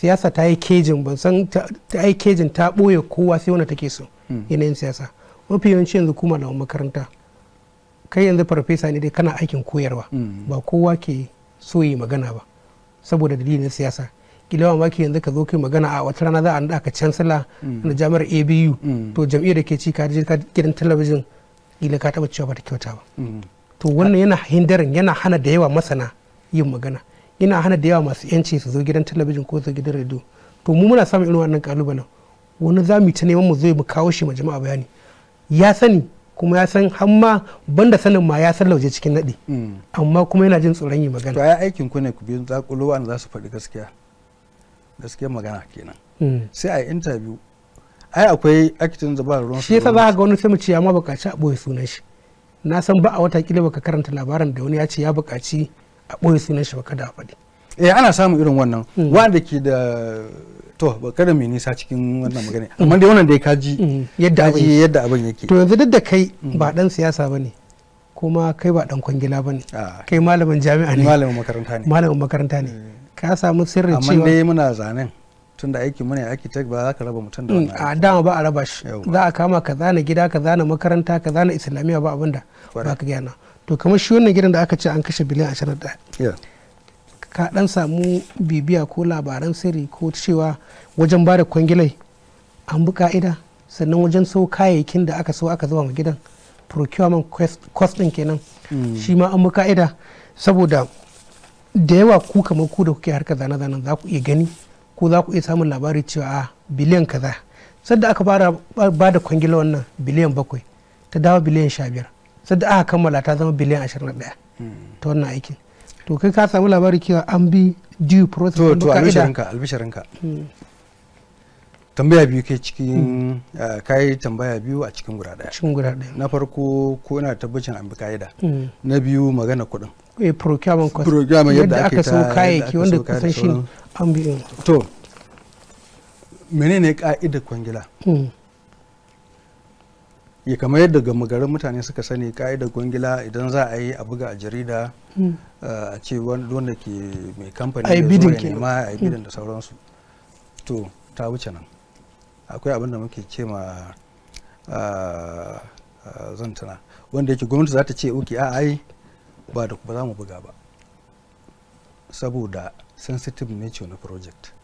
siyasa ta yi kejin ban san ta yi kejin ta ɓoye kowa sai wanda take so yanayin siyasa mafi yawanci yanzu kuma da makaranta kai yanzu farfesa ne dai kana aikin koyarwa mm. ba kowa ke so yi magana ba saboda dalilin siyasa ma ke yanzu ka zo kai magana a wata rana za a naɗa ka cansala mm. na jami'ar abu mm. to jam'iyyar da ke ci ka gidan talabijin kila ka taba cewa ba ta kyauta ba to wannan yana hindarin yana hana da yawa masana yin magana yana hana da yawa masu yanci su zo gidan talabijin ko su gidan radio to mu muna samun irin wannan kalubalen wani za mu ta neman mu zo mu kawo shi ma jama'a bayani ya sani kuma ya san hamma banda sanin ma ya san lauje cikin nadi. Hmm. amma kuma yana jin tsoron yi magana to
ai aikin ku ne ku biyu zakulo wanda za su faɗi gaskiya gaskiya magana kenan hmm. sai a interview ai akwai akitin da ruwan shi yasa za
ga wani sai mu ce ya ma bukaci a boye sunan shi na san ba a wata kila baka karanta labarin da wani ya ce ya bukaci a boye sunan shi baka da faɗi
eh ana samun irin wannan hmm. wanda ke da to kada mu nisa cikin wannan magana mm. amma dai wannan dai
kaji mm. yadda abin eh, yadda
abin yake to yanzu
duk da kai mm. ba dan siyasa bane kuma kai ba dan kwangila bane ah. kai
malamin jami'a ne malamin makaranta ne malamin
makaranta ne ka samu sirrin cewa amma dai
muna zanen tun da aiki muna aiki tech ba za ka raba mutum da wannan a dama ba a raba shi
za a kama ka zana gida ka zana makaranta ka zana islamiyya ba abinda ba ka gana to kamar shi wannan gidan da aka ce an kashe biliyan 21 ka dan samu bibiya ko labaran sirri ko cewa wajen ba kwangilai an bi ka'ida sannan wajen sau kayayyakin da aka so aka zuba wa gidan procurement cost din kenan hmm. shi ma an bi ka'ida saboda da yawa ku kamar ku da kuke harka zane-zanen za ku iya gani ko za ku iya samun labari cewa a ah, biliyan kaza sadda aka fara ba da kwangila wannan biliyan bakwai ta dawo biliyan sha biyar sadda aka kammala ta zama biliyan ashirin da ɗaya hmm. ta wannan aikin to kai ka samu labari cewa an bi due process to to albisharinka albisharinka hmm.
tambaya biyu kai cikin hmm. eh, kayi tambaya biyu a cikin guda daya cikin guda daya na farko ko ina tabbacin an bi ka'ida hmm. na biyu magana kuɗin eh procurement cost procurement yadda aka so kayayyaki wanda kusan shi an bi to menene ka'idar kwangila ya kamar yadda gama garin mutane suka sani ka'idar gwangila idan za a yi a buga a jarida hmm. eh, a ce wanda ke mai
kamfani da zuwa nema a yi bidin hmm.
da sauransu to ta wuce nan akwai abin da muke ce ma ah, ah, zan wanda yake gwamnati za ta ce oke a ai ba da ba za mu buga ba saboda sensitive nature na project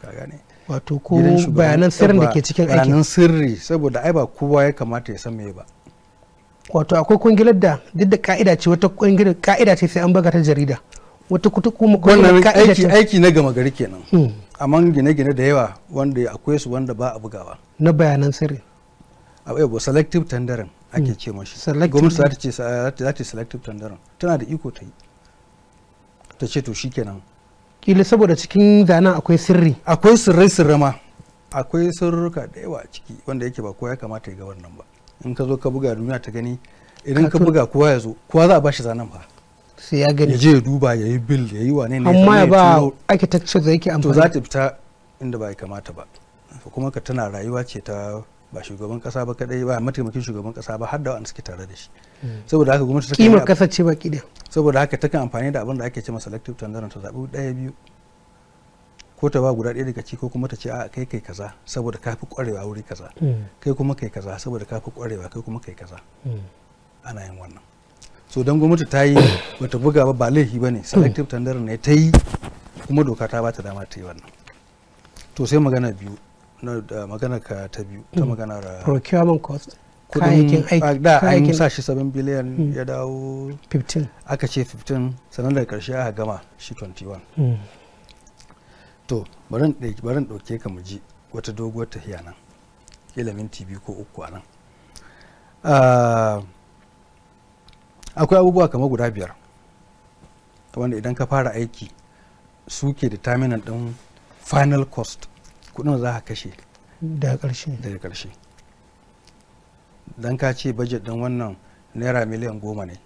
ka gane wato ko bayanan sirrin da ke cikin aiki bayanan sirri saboda ai ba kowa ya kamata ya san me ba
wato akwai kungilar da duk da ka'ida ce wata kungilar ka'ida ce sai an baga ta jarida wata kuta kuma kungilar ka'ida ce aiki
na gama gari kenan hmm. amma gine-gine da yawa wanda akwai su wanda ba a bugawa
na bayanan sirri
a yau selective tendering ake hmm. ce mashi gwamnati za ta ce za ta selective tendering tana da iko ta yi ta ce to shikenan
kila saboda cikin zanen akwai sirri
akwai sirrai sirri ma akwai sirruka da yawa a ciki wanda yake ba kowa ya kamata ya ga wannan ba in ka zo ka buga duniya ta gani idan ka buga kowa ya zo kowa za a bashi zanen ba.
sai ya gani je
duba ya yi bil ya yi wane ne amma ya ba
architecture da yake amfani to za ta
fita inda ba ya kamata ba kuma ka tana rayuwa ce ta ba shugaban kasa ba kadai ba mataimakin shugaban kasa ba har da wanda suke tare da shi saboda haka gwamnati ta kimar kasar ce baki da saboda haka kan amfani da abin da ake cewa selective tanzaran ta zabi daya biyu ko ta ba guda ɗaya daga ciki ko kuma ta ce a kai kai kaza saboda kafi kwarewa wuri kaza hmm. kai kuma kai kaza saboda kafi kwarewa kai kuma kai kaza hmm. ana yin wannan so don gwamnati ta yi bata buga ba ba laifi ba ne hmm. selective tanzaran ne ta yi kuma doka ta ba ta dama ta yi wannan to sai magana biyu na magana ka ta biyu ta magana uh,
procurement cost kudin aikin da an sa
shi 7 biliyan ya hmm. dawo 15 aka ce 15 sannan da karshe aka gama shi 21 hmm. to barin ɗauke ka mu ji wata doguwar tafiya nan kila minti biyu ko uku a nan ah, akwai abubuwa kamar guda biyar wanda idan ka fara aiki suke da terminal ɗin final cost kudin za ka kashe daga ƙarshe daga ƙarshe dan ka ce budget din wannan naira miliyan goma ne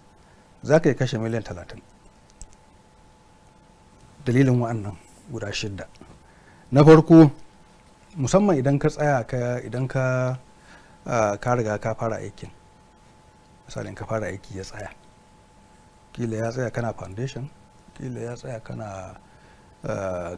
za ka yi kashe miliyan talatin dalilin wa'annan guda shidda na farko musamman idan ka tsaya ka idan ka ka riga ka fara aikin misalin ka fara aiki ya tsaya kila ya tsaya kana foundation kila ya tsaya kana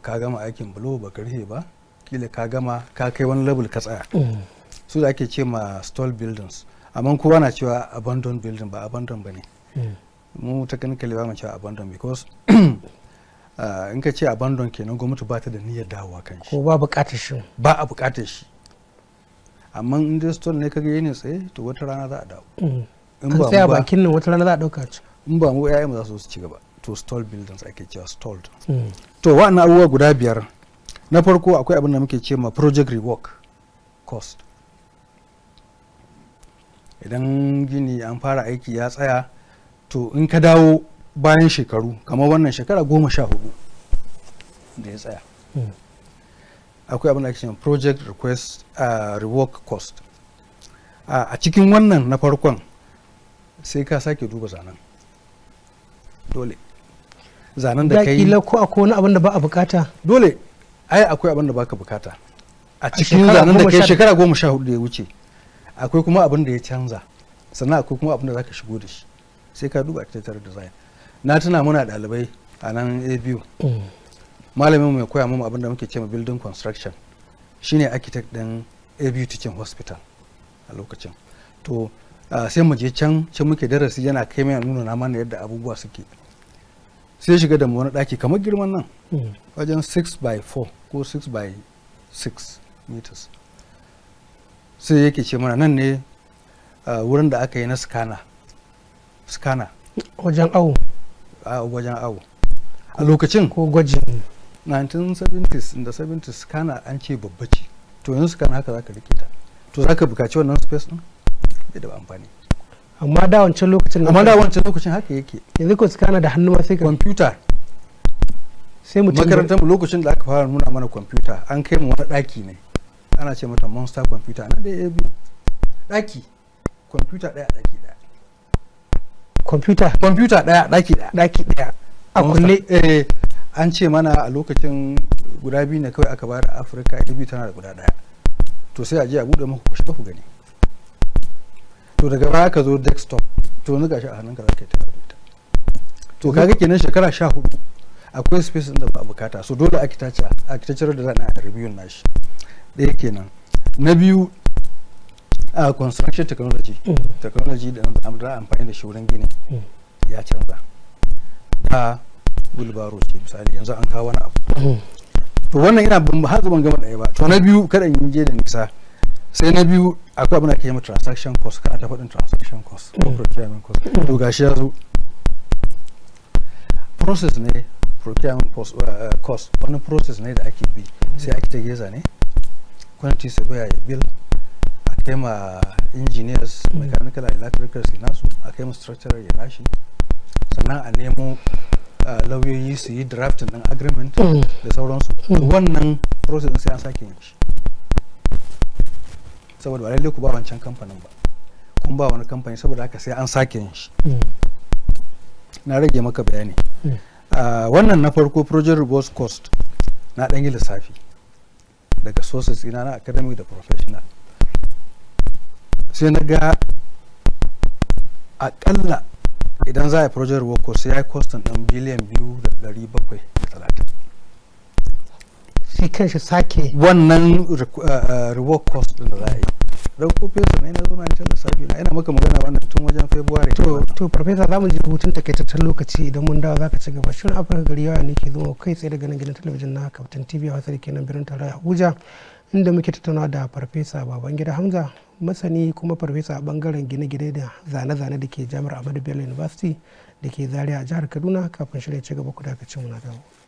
ka gama aikin bulo ba karfe ba kila ka gama ka kai wani level ka tsaya mm. su da ake ce ma stall buildings amma kowa na cewa abandon building ba abandon ba ne hmm. mu kalli ba mu cewa abandon because ah, in ka ce abandon kenan gwamnati ba ta da niyyar dawowa kan shi ko ba buƙatar shi ba a buƙatar shi amma in dai stall ne kaga yana tsaye to wata rana za a dawo hmm. in ba mu bakin nan wata rana za a dauka ci in ba mu yayin za su ci gaba to stall buildings ake cewa stalled hmm. to wa'annan abubuwa guda biyar na farko akwai abin da muke ce ma project rework cost idan gini an fara aiki ya tsaya to in ka dawo bayan shekaru kamar wannan shekara goma sha hudu da ya tsaya hmm. akwai abin da ake project request uh, rework cost a cikin wannan na farkon sai ka sake duba zanen dole zanen da kai kila ko akwai wani abin da ba a bukata dole ai akwai abin da ba ka bukata a cikin zanen da kai shekara goma sha hudu da ya wuce akwai kuma abin da ya canza sannan akwai kuma abin da za zaka shigo da shi sai ka duba a design na tuna muna ɗalibai a nan abu mm. malamin mai koya mu abin da muke cewa building construction shine architect din abu teaching hospital a lokacin to sai mu je can can muke darasi yana kai mai nuna na mana yadda abubuwa suke sai shiga da mu wani ɗaki kamar girman nan mm. wajen 6 by 4 ko 6 by 6 meters sai yake ce mana nan ne wurin da aka yi na skana skana wajen awo a wajen awo a lokacin ko gwajin 1970s in da 70s skana an ce babba ce to yanzu skana haka ka rike ta to za ka bukaci wannan space din bai da amfani amma da wancan lokacin amma da wancan lokacin haka yake yanzu ko skana da hannu ma sai ka computer sai mutum makarantar lokacin da aka fara nuna mana kwamfuta an kai mu wani daki ne ana ce mata monster computer na da ya daki ɗaki computer ɗaya ɗaki ɗaya computer computer ɗaya daki ɗaya ɗaki ɗaya a kulle eh an ce mana a lokacin guda biyu ne kawai aka bayar a afirka ibi tana da guda ɗaya to sai a je a buɗe muku ku shiga ku gani to daga baya ka zo desktop to ni gashi a hannun ka zaka yi ta to kaga kenan shekara sha hudu akwai space da ba bukata so dole a kitace da za a review nashi ɗaya kenan na biyu a construction technology mm. technology da za amfani da shi wurin gini mm. ya canza da gulbaro ce misali yanzu an kawo wani abu mm. to wannan yana ban har zuban gama ɗaya ba to na biyu kada in je da nisa sai na biyu akwai abin da ke ma transaction cost kana ta faɗin transaction cost ko procurement cost to gashi ya zo process ne procurement cost eh, wani process ne da ake bi sai ake ta geza ne kwanci su biya ya bil a kai ma engineers mm. mechanical and electrical su nasu a kai ma structural ya nashi sannan a nemo lauyoyi su yi drafting din agreement mm. da sauransu mm. wannan process sai an sake yin shi saboda ba lallai ku ba wancan kamfanin ba kun ba wani kamfani saboda haka sai an sake yin shi na rage maka bayani wannan na farko project reverse cost na ɗan lissafi daga sources ina na academic da professional sai na ga akalla idan za a yi project work ko sai ya yi costin ɗin biliyan biyu da ɗari bakwai da talatin
shi sake wannan
eh, eh, rework cost ɗin da za a yi ɗauko fesa na zo na can lissafi na yana maka magana wannan tun wajen february to
to professor za mu je hutun takaitaccen lokaci idan mun dawo zaka ci gaba shirin afirka gari yawa ne ke zuwa kai tsaye daga nan gidan talabijin na kaftan tv a wasu da ke nan birnin tarayya abuja inda muke tattauna da farfesa babangida hamza masani kuma farfesa a bangaren gine-gine da zane-zane da ke jami'ar ahmadu bello university da ke zaria a jihar kaduna kafin shirya ci gaba ku mu muna dawo.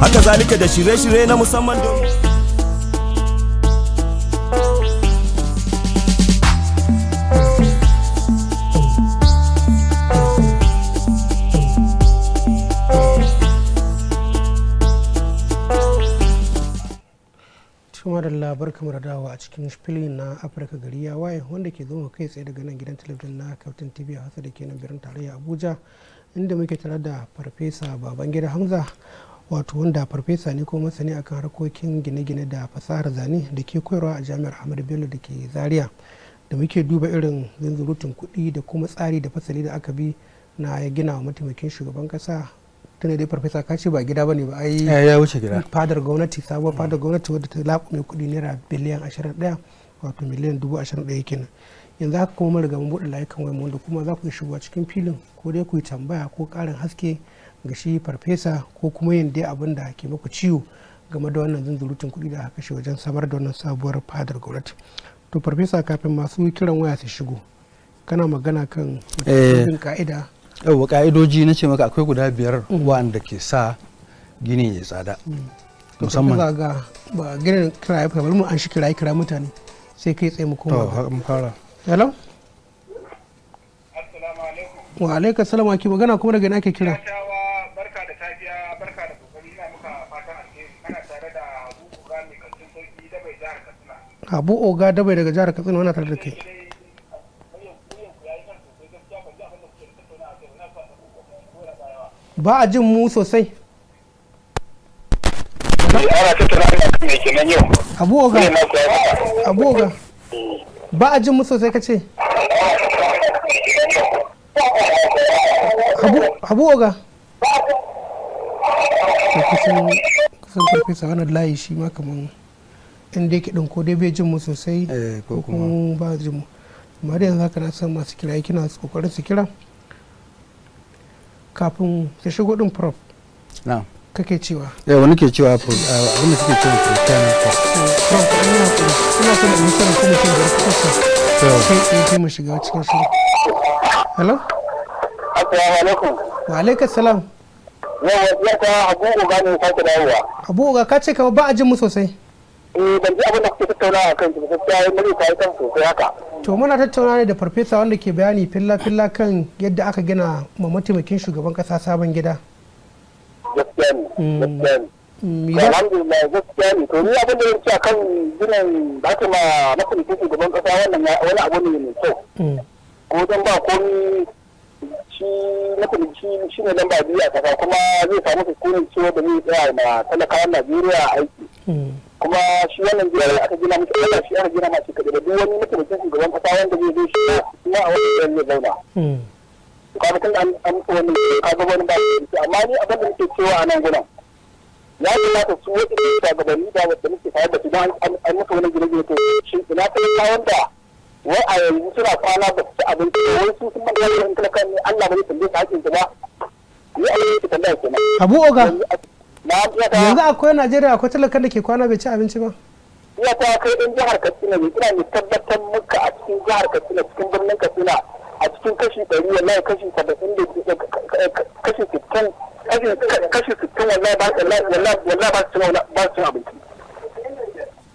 haka zalika da shirye-shirye na musamman domin
madalla barkamu da a cikin filin na afirka gari ya waye wanda ke zuwa kai tsaye daga nan gidan talabijin na captain tv a hasa da ke nan birnin tarayya abuja inda muke tare da farfesa babangida hamza wato wanda farfesa ne ko masani akan harkokin gine-gine da fasahar zane da ke koyarwa a jami'ar ahmadu bello da ke zaria da muke duba irin zanzurutun kuɗi da kuma tsari da fasali da aka bi na ya gina wa mataimakin shugaban kasa tun dai farfesa ka ce ba gida ne ba ai eh, ya wuce gida fadar gwamnati sabuwar fadar gwamnati wadda ta laƙume kuɗi naira biliyan ashirin ɗaya wato miliyan dubu ashirin ɗaya kenan yanzu haka kuma mun riga mun buɗe layukan wayar wanda kuma za ku iya cikin filin ko dai ku yi tambaya ko ƙarin haske ga shi farfesa ko kuma yin dai abin da ke muku ciwo game da wannan zunzurutun kuɗi da aka shi wajen samar da wannan sabuwar fadar gwamnati to farfesa kafin masu kiran waya su shigo kana magana kan wajen eh, ka'ida
yau ka'idoji na ce maka akwai guda biyar mm. wa'anda ke sa gini ya tsada mm. musamman
ga ba ginin kiraye kamar mu an shi kiraye kira mutane sai kai tsaye mu koma to mu fara hello wa alaikum salam ake magana kuma daga ina ke kira abu oga dabai daga jihar katsina wana tare da kai ba a jin mu sosai
abu oga abu
oga ba a jin mu sosai ka abu oga kusan kusan farfesa wani layi shi ma kamar inda yake ɗin ko dai bai jin mu sosai eh, ko kuma ba jin mu amma da yanzu haka na san masu kira kina su kokarin su kira kafin ta shigo ɗin prof na kake cewa
eh wani ke cewa abin da suke cewa ta kyakkyawan prof
prof ina ina son in sanar kuma cin da kuka sa sai in kai mu shiga cikin shi hello assalamu alaikum wa alaikum salam
yawa ta abu ga ne sake dawowa
abu ga ka ce ka ba a jin mu sosai
eh ban ji abin da kuke tattaunawa kan shi gaskiya ya mare ta kan sosai haka
to muna tattauna ne da farfesa wanda ke bayani filla kan yadda aka gina ma mataimakin shugaban kasa sabon gida
gaskiya ne mm. gaskiya ne
mm,
ne to ni abin da ya ce kan ginin ba ta ma mataimakin kasa wannan wani abu ne mai kyau mm. ko don ba komi shi mataimakin shi ne lamba biyu a kasa kuma zai samu sukunin ciwo da zai tsaya ma talakawan najeriya aiki kuma shi wannan jirgin aka gina musu da shi aka gina masu kaɗai da duk wani mataimakin shugaban kasa wanda zai zo shi kuma a wani jirgin zai zauna. Hmm. Kaga da an amsa wani kaga wani ba su amma ni abin da nake cewa a nan gudan. Ya kamata su wasu shugabanni da wanda muke tare da su don an muka wani gine-gine to shi ina talakawan da wai a yanzu suna kwana ba su ci abinci wai wasu sun manta yin talakan ne Allah ba zai tambaye ka hakkin ba. Ni a yanzu tambaya kenan. Abu Oga. yanzu
akwai najeriya akwai talakar da ke kwana bai ci abinci ba
ya ta kai din jihar katsina ne ina ne tabbatar muka a cikin jihar katsina cikin birnin katsina a cikin kashi ɗari wallahi kashi saba'in da kashi sittin kashi sittin wallahi ba su abinci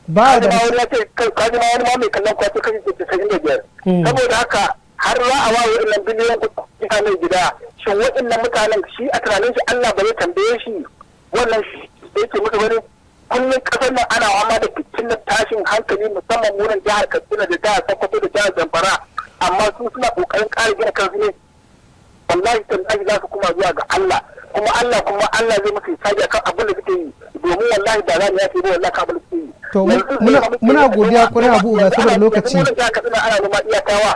ba da wani ya ce kaji ma wani ma mai kallon kwace kashi sittin da biyar hmm. saboda haka har za a wawo irin biliyan kuɗi a mai gida shin waɗannan mutanen shi a tunanin shi Allah ba zai tambaye shi wannan shi yake mutu wani kullum kasar nan ana wama da fitin tashin hankali musamman wurin jihar Katsina da jihar Sokoto da jihar Zamfara amma su suna kokarin kare gina kansu ne wallahi tallahi za su kuma zuwa ga Allah kuma Allah kuma Allah zai musu hisabi kan abin da suke yi domin wallahi da za mu yafe ba wallahi kabul suke yi to muna godiya kwarai abu ga saboda lokaci ana noma iyakawa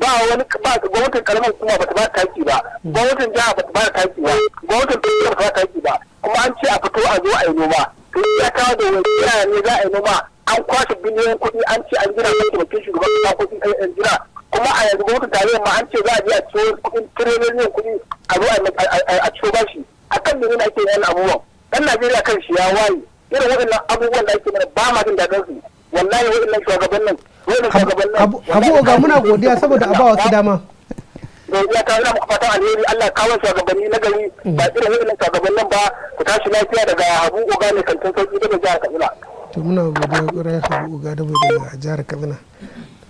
ba wani ba gwamnatin karamin kuma ba ta ba taki ba mm. gwamnatin jiha ba ta ba taki ba gwamnatin ba ta ba taki ba kuma an ce a fito a zo a yi noma to ya kawo da wani ne za a yi noma an kwashe biliyan kuɗi an ce an gina mai taimakin shugaban kasa kuɗi a yan jira kuma a yanzu gwamnatin tare ma an ce za a je a ciwo kuɗin tiriliyan kuɗi a zo a ciwo ba shi a kan menene ake yin abubuwan ɗan najeriya kan shi ya waye irin waɗannan abubuwan da ake mana ba ma jin daɗin su wallahi waɗannan shugabannin waɗannan abu ga muna godiya
saboda a ba wasu dama
da ya ta ina muku fatan alheri Allah kawo shugabanni na gari ba mm. irin irin shugabannin ba ku tashi lafiya daga Habu Oga ne kantin sauki
daga jihar Kaduna to muna godiya ƙwarai Habu Oga da daga jihar Kaduna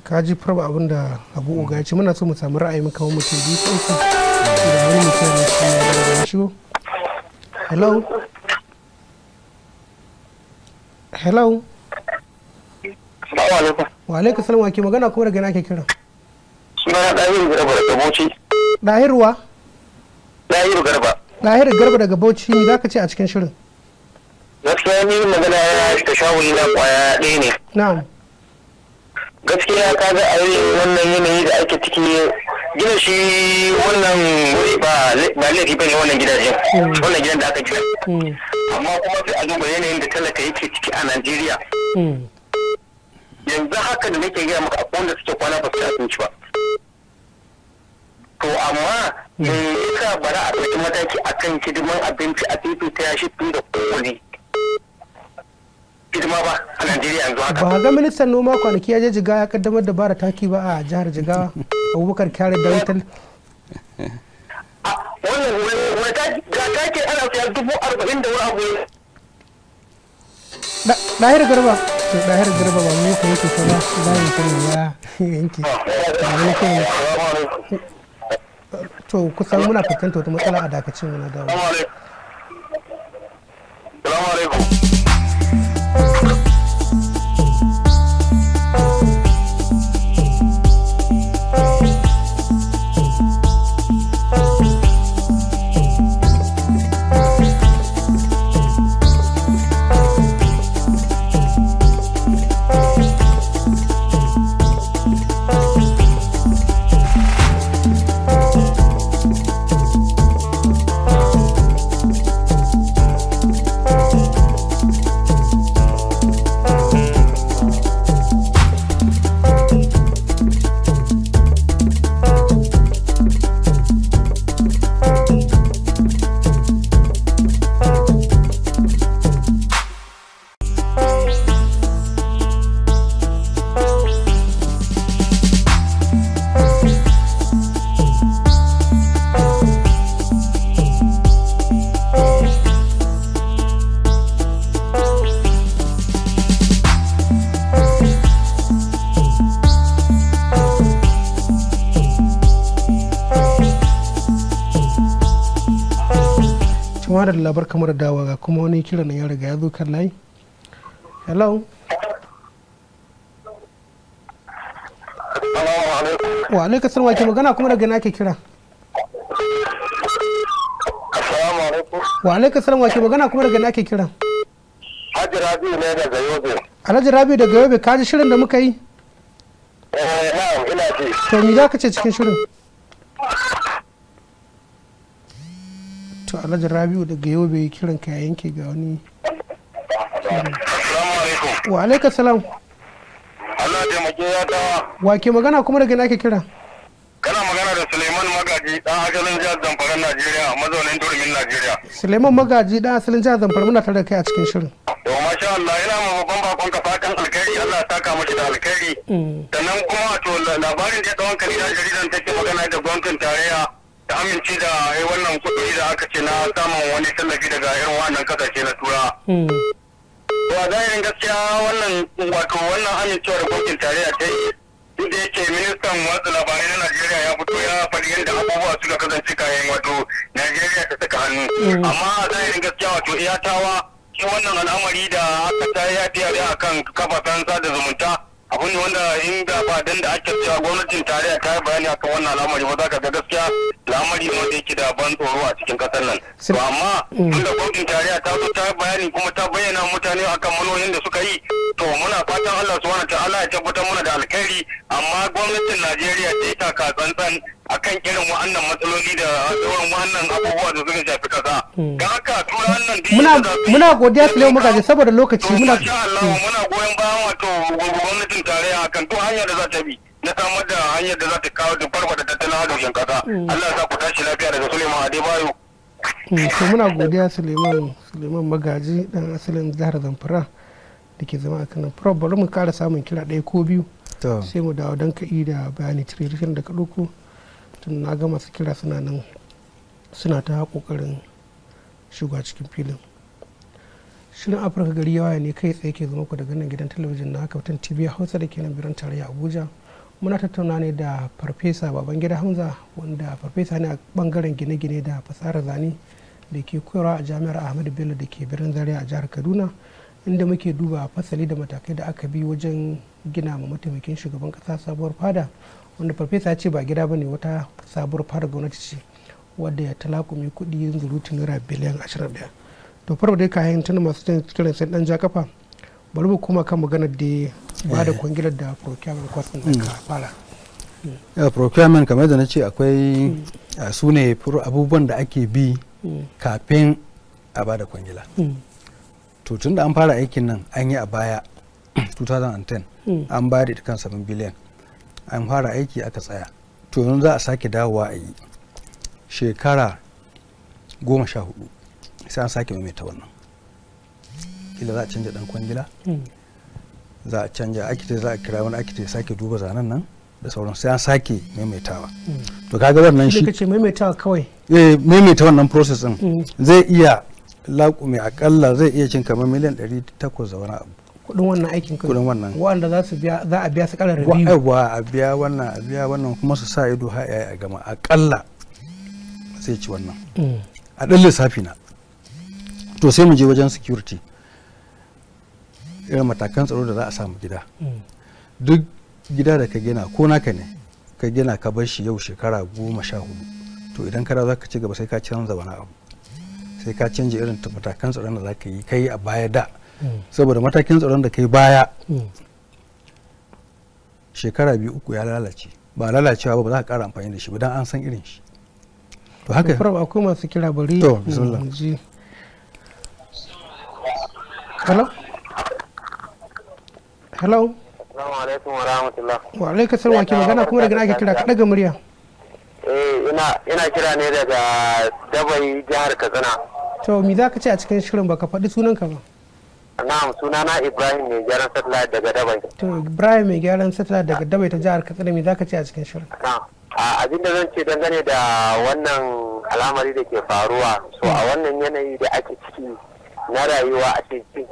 ka ji farba abin da Habu Oga ya ce muna so mu samu ra'ayin kamar mutum biyu ko uku da wani mutum ne shi shigo hello hello Assalamu alaikum. Wa alaikum salam wa ke magana kuma daga ina ke kira?
suna na ɗahiru garba daga bauchi ɗahiruwa ɗahiru garba
ɗahiru garba daga bauchi me zaka ce a cikin shirin
gaskiya ni magana ya ta shawo na kwaya ɗaya ne na'am gaskiya ka ga a wannan yanayi da ake ciki gina shi wannan ba laifi ba ne wannan gidajen hmm. wannan gidan da aka gina
hmm. amma kuma
sai a duba yanayin da talaka yake ciki a najeriya hmm. yanzu haka da nake gaya maka akwai wanda suke kwana ba su abinci ba to amma me yasa bara a ɗauki mataki a kan hidiman abinci a fifita shi tun da kowani
hidima ba a Najeriya yanzu haka. Ba ga ministan noma kwanaki ya je jiga ya kaddamar da bara taki ba a jihar Jigawa Abubakar Kyare Dawutal.
Wannan wani taki ana siya dubu arba'in da wani
abu ɗahir garba to ɗahir garba ba mu yake yake kuma za mu kuma ya yanke ah, to kusan muna fuskantar wata matsala a dakacin muna dawo. Salamu alaikum. alhamdulillah bar kamar dawa ga kuma wani kira na ya riga ya zo kan layi hello wa alaikum salam ake magana kuma daga na ke kira wa alaikum salam ake magana kuma daga nake kira
Alhaji Rabi ne daga Yobe.
Alhaji Rabi daga Yobe ka ji shirin da muka yi?
Eh,
na'am ina ji. To me za ka ce cikin shirin?
su alhaji rabiu daga yau bai kiran ka yanke ga wani wa alaikar salam
Allah taimake ya dawa
wa ke magana kuma daga nake kira
kana magana da suleiman magaji dan asalin jihar zamfara najeriya mazaunin turmin najeriya
suleiman magaji dan asalin jihar zamfara muna tare da kai a cikin shirin to
masha Allah yana mu babban bakon ka fatan alkhairi Allah ya saka miki da alkhairi mm. sannan kuma to labarin da ya dawo kan jaridan take magana da gwamnatin tarayya da amince da wannan kuɗi da aka ce na samun wani tallafi daga irin wannan kasashe na tura. Wa hmm. zahirin gaskiya wannan wato wannan amincewar gwamnatin tarayya ta yi duk da yake ministan watsa labarai na Najeriya ya fito ya faɗi yadda abubuwa suka kasance kayan wato Najeriya ta saka hannu. Hmm. Amma a zahirin gaskiya wato iyatawa shi wannan al'amari da aka ta ya a akan kafafen sada zumunta. abu ne wanda in da ba dan da ake cewa gwamnatin tarayya ta yi bayani akan wannan al'amari ba za ka ga gaskiya al'amari ne wanda yake da ban tsoro a cikin kasar nan to amma mm. tun da gwamnatin tarayya ta zo ta yi bayani kuma ta bayyana mutane akan manoyin da suka yi to muna fatan Allah subhanahu ta'ala ya tabbatar mana da alkhairi amma gwamnatin Najeriya ta yi taka tsantsan akan irin wa'annan matsaloli da irin wa'annan abubuwa da suka shafi kasa
Hmm. muna godiya lewa magaji saboda lokaci muna muna goyon bayan
wato gwamnatin tarayya akan to hanyar da za ta bi na samar da hanyar da za ta kawo da farma da tattalin arzikin kasa hmm. Allah ya sa ku tashi lafiya daga Suleiman Adebayo
hmm, to muna godiya Suleiman Suleiman magaji dan asalin jihar Zamfara da ke zama a kanan prof bari mu kara samun kira ɗaya ko biyu sai mu dawo don ka da bayani cire da ka ɗauko tun na ga masu kira suna nan suna ta kokarin shiga cikin filin shirin afirka gari yawa ne kai tsaye ke zama ku daga nan gidan talabijin na kaftan tv hausa da ke nan birnin tarayya abuja muna tattauna ne da farfesa baban gida hamza wanda farfesa ne a bangaren gine-gine da fasahar zane da ke koyarwa a jami'ar ahmadu bello da ke birnin zaria a jihar kaduna inda muke duba fasali da matakai da aka bi wajen gina ma mataimakin shugaban kasa sabuwar fada wanda farfesa ya ce ba gida ba ne wata sabuwar fada gwamnati ce wadda ya talakumi kuɗi yin zurutun naira biliyan 21 to farko dai kayan tana masu tattalin sai dan ja kafa bari mu kuma kan magana da ba da eh. kwangilar da procurement cost din ka hmm. fara
procurement kamar da na ce akwai hmm. su ne abubuwan da ake bi hmm. kafin a ba da kwangila to tun da an fara aikin nan an yi a baya 2010 an ba da kan 7 biliyan an fara aiki aka tsaya to yanzu za a sake dawowa a yi shekara goma sha hudu sai an sake maimaita wannan kila za a canja dan kwangila hmm. za a canja akite za a kira wani akite ya sake duba zanen nan da sauran sai an sake maimaitawa hmm. to kaga wannan shi kace maimaitawa kawai eh maimaita wannan process din hmm. zai iya laƙume akalla zai iya cin kamar miliyan 800 da wani abu
kudin wannan aikin kudin wannan wanda za su biya za a biya su karar rabi
wa a biya wannan a biya wannan kuma su sa ido ha a gama akalla sai ci wannan mm. a ɗan lissafi na to sai mu je wajen security irin matakan tsaro da za a samu gida mm. duk gida da ka gina ko naka ne ka gina ka bar shi yau shekara goma sha hudu to idan kada za ka ci gaba sai ka canza wani abu sai ka canja irin matakan tsaron da za ka yi kai a baya da mm. saboda matakin tsaron da kai baya shekara biyu uku ya lalace ba lalacewa ba ba za ka kara amfani da shi ba don an san irin shi to haka prof akwai masu kira bari to bismillah hello
hello
Assalamu alaikum wa rahmatullah. Wa alaikum salam ke magana kuma daga ake kira kaɗa ga murya. Eh ina ina kira ne daga Dabai jihar Katsina.
To me za ka ce a cikin shirin baka faɗi sunanka ba?
Na'am sunana Ibrahim mai gyaran satellite daga Dabai.
To Ibrahim mai gyaran satellite daga Dabai ta jihar Katsina me za ka ce a cikin shirin?
Na'am. abin da zan ce dangane da wannan al'amari da ke faruwa so a wannan yanayi da ake ciki na rayuwa a cikin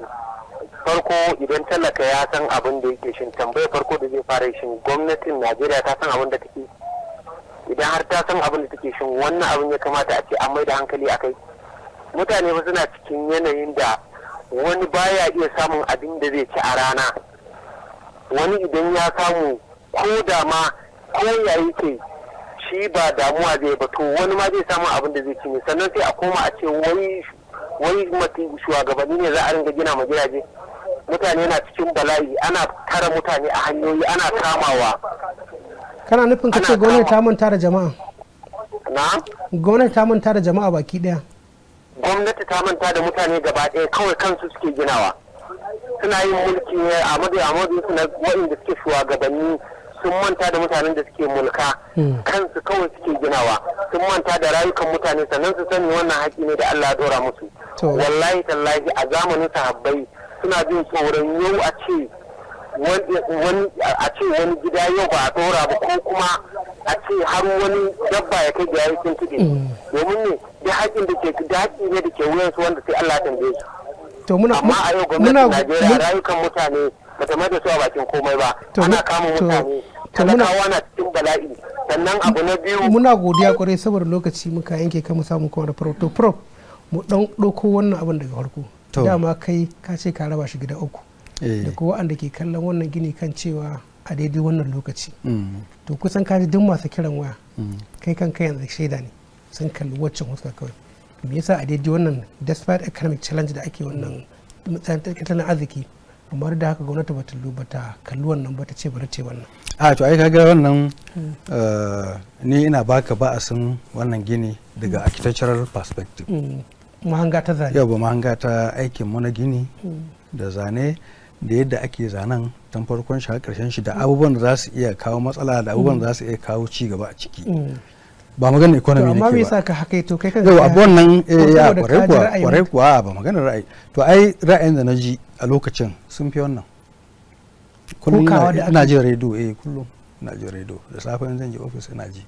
farko idan talaka ya san abin da yake shin tambayar farko da zai fara shin gwamnatin najeriya ta san abin da take idan har ta san abin da take shin wannan abin ya kamata a ce an mai da hankali a kai mutane ba suna cikin yanayin da wani baya iya samun abin da zai ci a rana wani idan ya samu ko da ma ko yayi ke shi ba damuwa zai ba to wani ma zai samu abin da zai cinye sannan sai a koma a ce wai wai shugabanni ne za a ringa gina ma gidaje mutane na cikin bala'i ana tara mutane a hanyoyi ana kamawa
kana nufin ka ce gwamnati ta manta da jama'a na gwamnati ta manta da jama'a baki daya
gwamnati ta manta da mutane gaba daya kawai kansu suke ginawa suna yin mulki ne a madu a madu suna waɗanda suke shugabanni sun manta da mutanen da suke mulka hmm. kansu kawai suke ginawa sun manta da rayukan mutane sannan su sani wannan haƙi ne da Allah ya dora musu wallahi tallahi a zamanin sahabbai suna jin tsoron yau a ce a wani gida yau ba a dora ba ko kuma a ce har wani dabba ya kai gari sun tuɗe domin ne da haƙin da ke da haƙi ne da ke wuyansu wanda sai Allah tambaye su
to muna
amma a yau gwamnatin Najeriya
rayukan mutane bata mai da su a bakin komai ba ana kama mutane
talakawa na cikin bala'i sannan abu na biyu muna godiya kwarai saboda lokaci muka yanke kama samun kowa da to mu dan ɗauko wannan abin daga farko dama kai ka ce ka raba shi gida uku eh. da kowa wanda ke kallon wannan gini kan cewa a daidai wannan lokaci
mm.
to kusan ka ji duk masu kiran waya mm. kai kan kai yanzu shaida ne sun kalli waccan huska kawai me yasa a daidai wannan despite economic challenge da ake wannan mm, tattalin arziki kamar da haka gwamnati bata duba ta kalli wannan ba ta ce bari ce wannan
a to ai kaga wannan hmm. eh, ni ina baka ba'asin wannan gini daga architectural perspective hmm.
mahanga ta zane yau
mahanga ta aikin mu na gini hmm. da zane da yadda ake zanen tun farkon shi har karshen shi da abubuwan da za su iya kawo matsala da abubuwan da za su iya kawo ci gaba a ciki ba maganar economy ne ke ba. Amma me
yasa ka haka to kai kanka. Yau abuwan nan eh, ya kware kuwa kwarai
kuwa ba maganar ra'ayi. To ai ra'ayin da na ji a lokacin sun fi wannan. Kullum ina jin rediyo eh kullum ina jin rediyo da safe in zan je office ina ji.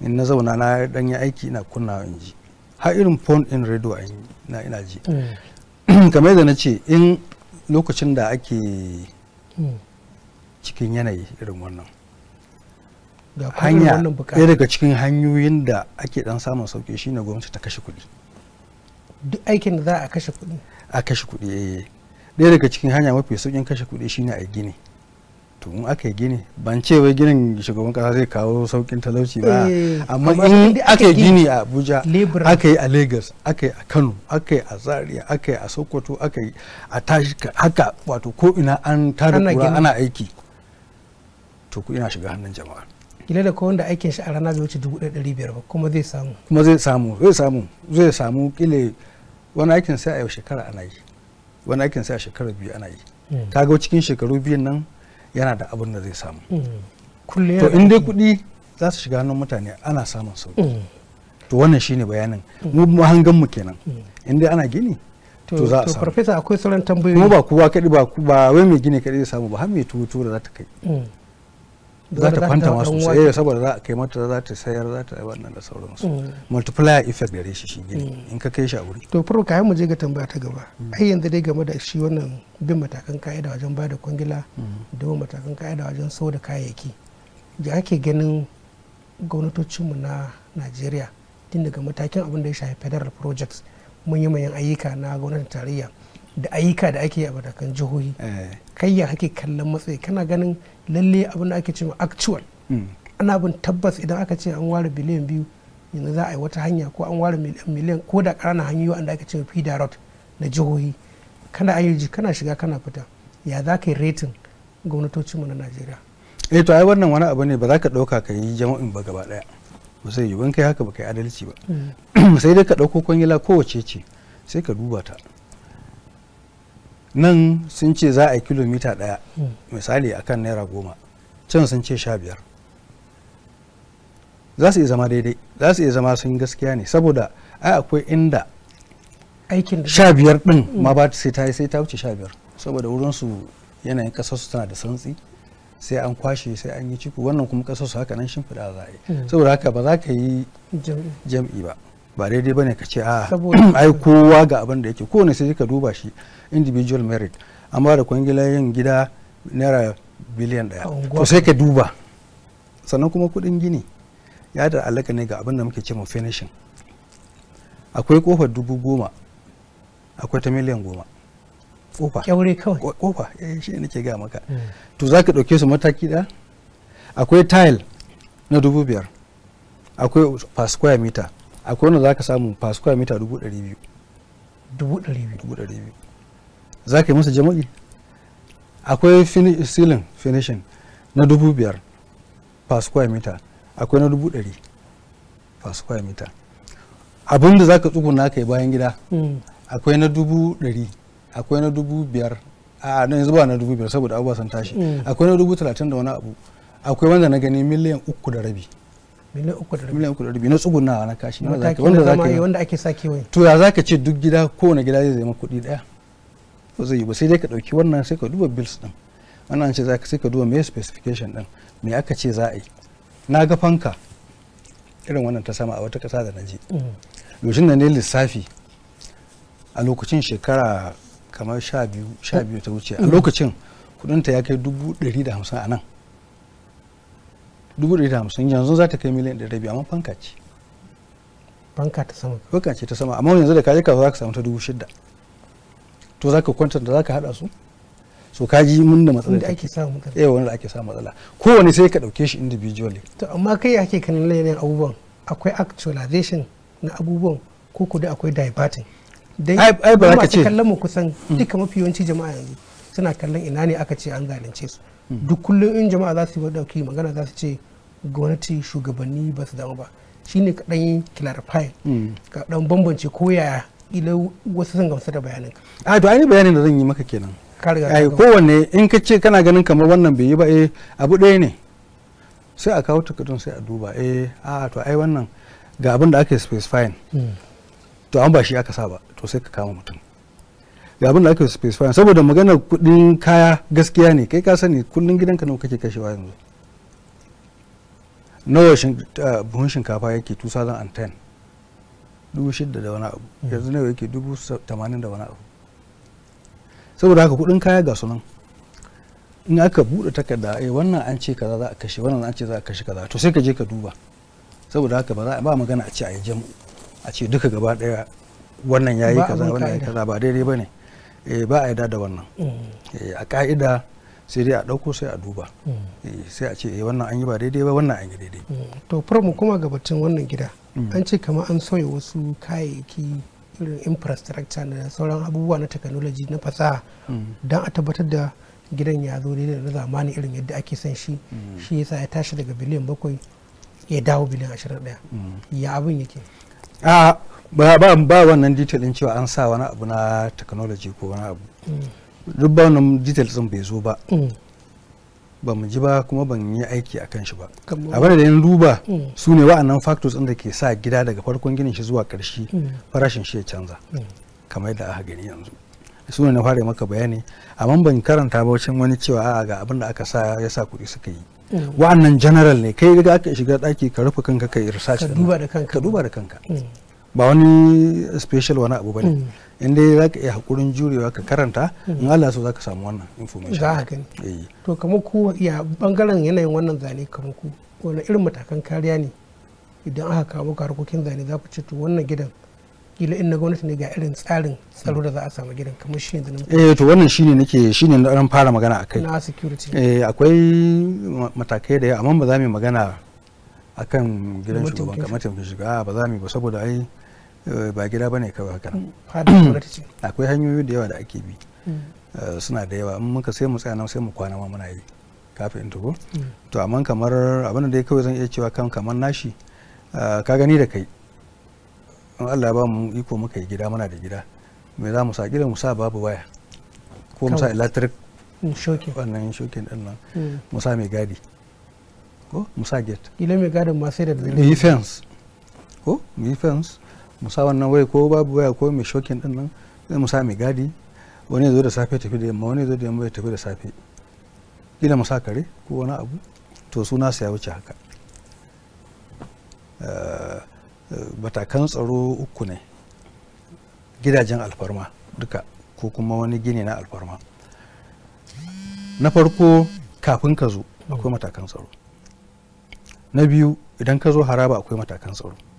In na zauna na dan yi aiki ina kunna in ji. Har irin phone in rediyo ina ina ji.
Mm.
Kamar yadda na ce in lokacin da ake mm. cikin yanayi irin wannan
hanya ɗaya daga
cikin hanyoyin da ake dan samun shi shine gwamnati ta kashe kuɗi
duk aikin da za a kashe kuɗi
a kashe kuɗi eh, eh. ɗaya daga cikin hanya mafi saukin kashe kuɗi shine a gini to in aka yi gini ban ce wai ginin shugaban kasa zai kawo saukin talauci ba eh, eh, amma in aka yi gini a abuja aka yi a lagos aka yi a kano aka yi a zaria aka yi a sokoto aka yi a tashi haka wato ko ina an tara kura ana aiki to ku ina shiga hannun jama'a
kila da kowanne da aikin shi a rana zai wuce dubu ɗari biyar ba kuma zai samu
kuma zai samu zai samu zai samu kila wani aikin sai a yau shekara ana yi wani aikin sai a shekara biyu ana yi hmm. ga cikin shekaru biyun nan yana da abin da zai samu
hmm. to in dai
kuɗi za su shiga hannun mutane ana samun sauƙi hmm. to wannan shine bayanin mu mahangan mu kenan in dai ana gini to za a samu farfesa akwai sauran tambayoyi kuma ba kowa kaɗi ba wai mai gini kaɗi zai samu ba har mai tuwo da za ta kai za ta kwanta masu sai eh, saboda za a kai mata za ta sayar za ta wannan da sauransu mm. multiplier effect gare shi shi gini mm. in ka kai shi a wuri
to furu kayan mu je ga tambaya ta gaba mm. ai yanzu dai game da shi wannan bin matakan ka'ida wajen ba da kwangila da bin matakan ka'ida wajen sau da kayayyaki da ake ganin gwamnatocinmu na najeriya tun daga matakin abin da ya shafi federal projects mun yi mayan ayyuka na gwamnatin tarayya da ayyuka da ake yi a matakan jihohi eh. kai ya kake kallon matsayi kana ganin lalle abin da ake cewa actual mm. ana bin tabbas idan aka ce an ware biliyan biyu yanzu za a yi wata hanya ko an ware miliyan ko da karana hanyoyi wanda ake cewa fida road na jihohi kana ayyuji kana shiga kana fita ya za ka yi retin gwamnatocinmu na najeriya
eh to ai wannan wani abu ne ba za ka ɗauka ka yi jama'in ba gaba daya ba sai yi kai haka ba kai adalci ba mm. sai dai ka ɗauko kwangila kowace ce sai ka duba ta nan sun ce za a yi kilomita daya. misali a kan naira goma can sun ce sha biyar za su iya zama daidai za su iya zama sun gaskiya ne saboda ai akwai inda aikin sha biyar din mm. ma ba sai ta yi sai ta wuce sha biyar saboda wurin yanayin kasar su tana da santsi sai an kwashe sai an yi ciko wannan kuma kasar su haka nan fida za a yi mm. saboda haka ba za ka yi jam'i ba ba daidai bane ka ce ah, a ai kowa ga abin da yake kowane sai ka duba shi individual merit amma da kwangilayen gida naira biliyan daya to sai ka duba sannan kuma kudin gini ya da alaka ne ga abin da muke cewa finishing akwai kofar dubu goma akwai ta miliyan goma kofa kyaure kawai kofa eh, shi ne nake gaya maka hmm. to za ka ɗauke su mataki da akwai tile na dubu biyar akwai per square meter akwai wanda za ka samu per square meter dubu dari biyu dubu dari biyu za ka yi masa jama'i akwai ceiling finishing na dubu biyar per square meter akwai na dubu ɗari per square meter abin da za ka tsuguna ka yi bayan gida hmm. akwai na dubu ɗari akwai na dubu biyar a nan yanzu ba na dubu biyar saboda abubuwa sun tashi hmm. akwai na dubu talatin da wani abu akwai wanda na gani miliyan uku da rabi miliyan uku da rabi na tsugunawa na kashi wanda za ka yi wanda
ake sa kewaye
to ya za ka ce duk gida kowane gida zai ma kuɗi ɗaya ba zai yi ba sai dai ka ɗauki wannan sai ka duba bills ɗin wannan ce za ka sai ka duba me specification ɗin me aka ce za a yi na ga fanka irin wannan ta sama a wata ƙasa da na je lokacin mm. da ne lissafi a lokacin shekara kamar sha biyu sha biyu ta wuce a mm. lokacin ta ya kai dubu ɗari da hamsin a nan dubu ɗari da hamsin yanzu za ta kai miliyan ɗari biyu amma fanka ce fanka ta sama fanka ce ta sama amma yanzu da kaje kasuwa za ka samu ta dubu shidda to zaka kwantar da zaka hada su so ka ji mun da matsala da ake samu matsala eh wanda ake samu matsala kowane sai ka dauke shi individually
to amma kai ake kanin layin abubuwan akwai actualization na abubuwan ko ku da akwai diverting dai ai ba ka ce kallon mu kusan mm. duka mafi yawanci jama'a yanzu suna kallon ina ne aka ce an zalunce su mm. duk kullum in jama'a za su yi dauki magana za su ce gwamnati shugabanni ba su damu ba shine kadan clarify mm. ka bambance ko yaya kila wasu sun gamsu da bayaninka
a to ai bayanin da zan yi maka kenan ai kowanne in ka ce kana ganin kamar wannan bai yi ba eh abu ɗaya ne sai a kawo takardun sai a duba eh a to ai wannan ga abin da aka specifying hmm. to an ba shi aka sa ba to sai ka kama mutum ga abin da aka specifying saboda maganar kudin kaya gaskiya ne kai ka sani kullun gidanka nawa kake kashewa yanzu nawa ah, buhun shinkafa yake 2010 dubu shidda da wani abu hmm. yanzu nawa yake dubu tamanin da wani abu saboda haka kudin kaya ga sunan in aka buɗe takarda eh wannan an ce kaza za a kashe wannan an ce za a kashe kaza to sai ka je ka duba saboda haka ba za ba magana a ce a yi jamu a ce duka gaba daya wannan yayi kaza wannan yayi kaza ba daidai bane eh ba a yarda da wannan
hmm.
eh, a ka'ida sai dai a ɗauko sai a duba hmm. eh, sai a ce eh, wannan an yi ba daidai ba wannan an yi daidai
hmm. to mu kuma ga batun wannan gida hmm. an ce kama an sauya wasu kayayyaki irin infrastructure da sauran abubuwa na technology na fasaha don a tabbatar da gidan ya zo daidai da zamani irin yadda ake son shi shi yasa ya tashi daga biliyan bakwai ya dawo biliyan ashirin ɗaya ya abin yake
ba wannan detail cewa an sa wani abu na technology ko wani abu duk wannan details bai zo ba mm. ba mu ji ba kuma ban yi aiki a kan shi ba abin da yin duba mm. su ne wa'annan factors inda da ke sa gida daga farkon ginin shi zuwa ƙarshe mm. farashin shi ya canza kamar yadda aka gani yanzu su ne na fara maka bayani amma ban karanta ba wacin wani cewa a ga abin da aka sa ya sa kuɗi suka yi wa'annan general ne kai ga aka shiga daki ka rufe kanka ka yi research ka duba da kanka ba wani special wani abu bane mm. in dai za ka iya hakurin jurewa ka karanta mm. in Allah so za ka samu wannan information za ka gani eh.
to kamar ku ya bangaren yanayin wannan zane kamar ku wani irin matakan kariya ne idan aka kawo ka harkokin zane za ku ce to wannan gidan kila in na gwamnati ne ga irin tsarin tsaro da za a samu gidan kamar shi yanzu eh
to wannan shine nake shine na ran fara magana akai
na security eh
akwai matakai da amma ba za mu magana akan gidan shugaban kamar tafin shiga ba za mu ba saboda ai Eh, ba gida bane kawai haka mm. akwai hanyoyi da yawa da ake bi mm. eh, suna da yawa in muka sai mu tsaya nan sai mu kwana ma muna yi kafin tuko mm. to amma kamar abin da kawai zan iya cewa kan kamar nashi eh, ka gani da kai in Allah ba mu iko muka yi gida muna da gida me za mu sa gida mu sa babu waya ko mu sa electric wannan shokin din nan mu sa mai gadi ko mu sa gate
ila mai gadin ma sai da yi
fence ko mu yi fence musa wannan wai ko babu waya ko mai shokin din nan zai musa mai gadi wani zo da safe tafi da yamma wani zo da yamma ya tafi da safe gina musa kare ko wani abu to suna su ya wuce haka batakan eh, eh, tsaro uku ne gidajen alfarma duka ko kuma wani gini na alfarma na farko kafin ka zo akwai matakan tsaro na biyu idan ka zo haraba akwai matakan tsaro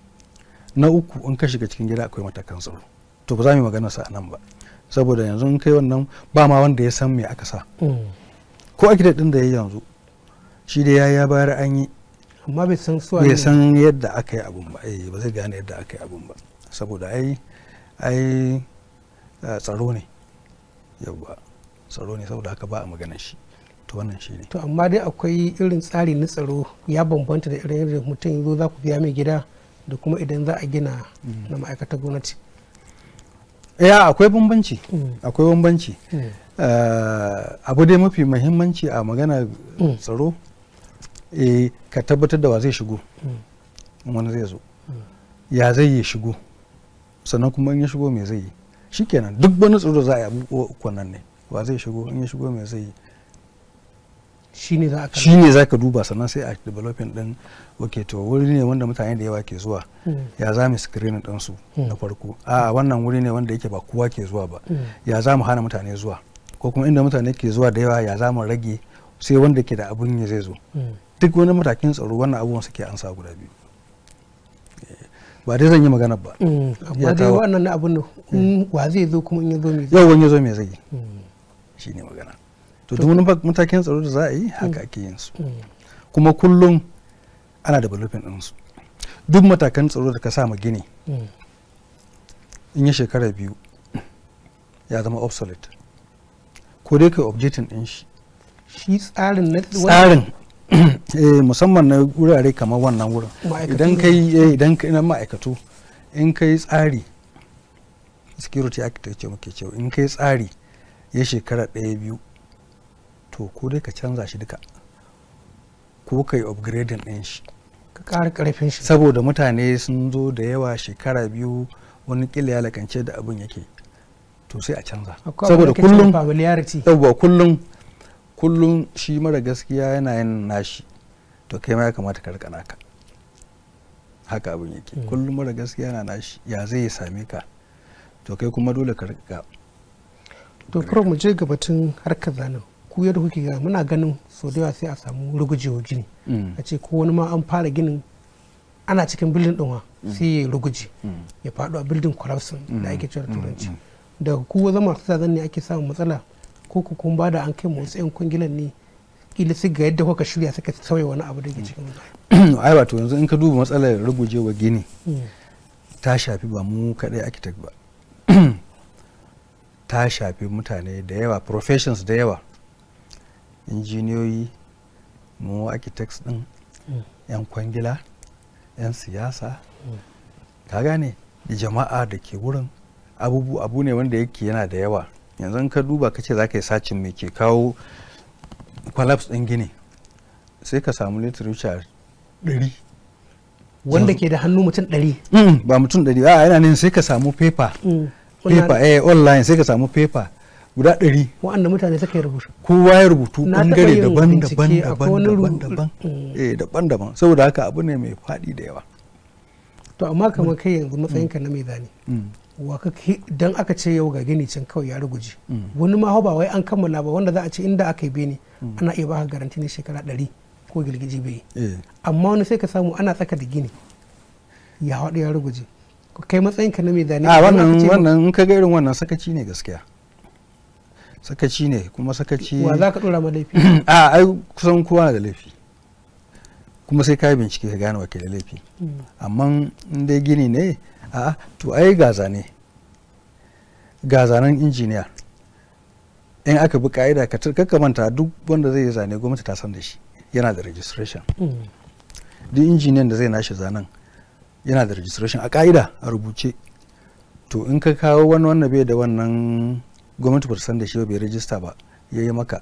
na uku in ka shiga cikin gida akwai matakan tsaro to ba za mu magana sa nan ba saboda yanzu in kai wannan ba ma wanda ya san me aka sa mm. ko akida din da ya yanzu shi da ya ya bayar an yi amma bai san suwa bai san yadda aka yi abun ba eh ba zai gane yadda aka yi abun ba saboda ai ai eh, tsaro ne yawwa tsaro ne saboda haka ba a magana shi to wannan shi ne
to amma dai akwai irin tsari na tsaro ya bambanta da irin irin mutum yanzu za ku biya mai gida da kuma idan za a gina mm. na ma'aikatar gwamnati
ya eh, akwai bambanci mm. akwai bambanci mm. eh, abu dai mafi mahimmanci a magana tsaro eh, ka tabbatar da wa zai shigo wani zai zo ya zai yi shigo sannan kuma in ya shigo me zai yi shikenan duk wani tsaro za a yi abu nan ne wa zai shigo in ya shigo me zai yi shi ne za ka duba sannan sai a developing din ok to wuri ne wanda mutane da yawa ke zuwa hmm. ya za mu screening su hmm. na farko a wannan wuri ne wanda yake ba kowa ke zuwa ba hmm. ya za mu hana mutane zuwa ko kuma inda mutane ke zuwa da yawa ya za mu rage sai wanda ke da abun ya zai zo duk wani matakin tsaro wannan abubuwan suke ansa guda biyu ba dai zan yi magana ba
amma dai wannan
abun wa zai zo kuma in ya zo me zai yau wani ya zo me zai shi ne magana to duk matakin tsaro da za a yi haka ake yin su kuma kullum ana da din ɗinsu duk matakan tsaro da ka sa ma gini in yi shekara biyu ya zama obsolete ko dai kai objectin ɗin shi
shi tsarin na tsarin
eh, musamman na wurare kamar wannan wurin idan kai eh, idan kai na ma'aikatu in kai tsari security architecture muke cewa in kai tsari ya shekara ɗaya biyu to ko dai ka canza shi duka ko ka yi upgrading ɗin shi ka ƙara ƙarfin shi saboda mutane sun zo da yawa shekara biyu wani ƙila ya lakance da abin yake to sai a canza saboda kullum yawwa kullum kullum shi mara gaskiya yana yin nashi to kai ma ya kamata ka rika naka haka abin yake hmm. kullum mara gaskiya yana nashi ya zai same ka to kai kuma dole ka rika
to mu je ga batun harkar zalim ku yadda kuke gani muna ganin sau da yawa sai a samu rugujewa gini mm. a ce ko wani ma an fara ginin ana cikin bildin ɗinwa mm. sai ya ruguje mm. ya faɗo a bildin collapse da ake cewa turanci da ku zama su zan ne ake samun matsala ko ku kun bada an kai motsi yan kungilan ne kila su ga yadda kuka shirya suka sauya wani abu da ke cikin
ai wato yanzu in ka duba matsalar rugujewa gini ta shafi ba mu kaɗai architect ba ta shafi mutane da yawa professions da yawa injiniyoyi mu architects din mm. yan kwangila yan siyasa mm. ka gane jama'a da ke wurin abubu abu ne wanda yake yana da yawa yanzu ka duba ka ce za ka yi sacin mai ke kawo collapse din gini sai ka samu literature dari. wanda
ke da hannu mutum dari.
Mm, ba mutum dari. a yana ne sai ka samu paper paper eh online sai ka samu paper guda ɗari
wa'anda mutane suka yi rubutu
kowa ya rubutu ɓangare daban daban daban daban mm. eh, daban daban saboda haka abu ne mai faɗi da yawa
to amma kamar mm. kai yanzu matsayinka na mai zane mm. don aka ce yau ga gini can kawai ya ruguje wani ma ba wai an kammala ba wanda za a ce inda aka yi bene ana iya baka garanti ne shekara ɗari ko girgiji bai eh. amma wani sai ka samu ana tsaka da gini ya haɗu ya ruguje kai matsayinka na mai zane a wannan wannan
in ka ga irin wannan sakaci ne gaskiya sakaci ne kuma sakaci wa za ka dora ma laifi a ai kusan kowa da laifi kuma sai ka bincike ka gane wakil da laifi hmm. amma in dai gini ne a to ai gaza ne ga zanen injiniya in aka bi ka'ida ka manta duk wanda zai yi zane gwamnati ta san da shi yana da registration hmm. duk injiniyan da zai nashi zanen yana da registration a ka'ida a rubuce to in ka kawo wani wanda bai da wannan gwamnati bata san da shi ba bai rijista ba ya yi maka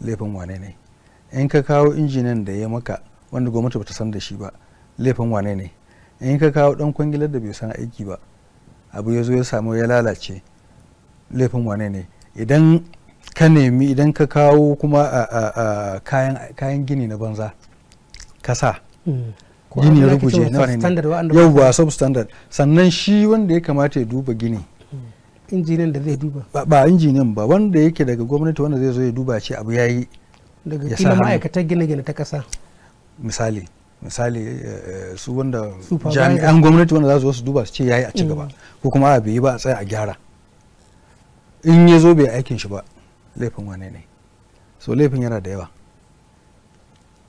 laifin wane ne in ka kawo injiniyan da ya maka wanda gwamnati bata san da shi ba laifin wane ne in ka kawo dan kwangilar da bai san aiki ba abu ya zo ya samu ya lalace laifin wane ne idan ka nemi idan ka kawo kuma kayan gini na banza ka sa hmm.
gini ya ruguje na wani ne yau ba
substandard sannan shi wanda ya kamata ya duba gini
injiniyan da zai duba
ba injiniyan ba wanda yake daga gwamnati wanda zai zo ya duba ce abu yayi daga kila ma'aikatar
gine-gine ta kasa
misali misali eh, su wanda jami'an gwamnati wanda za su duba su ce yayi a ci gaba mm. ko kuma a bai ba a tsaya a gyara in ya zo bai aikin shi ba laifin wane ne so laifin yana da yawa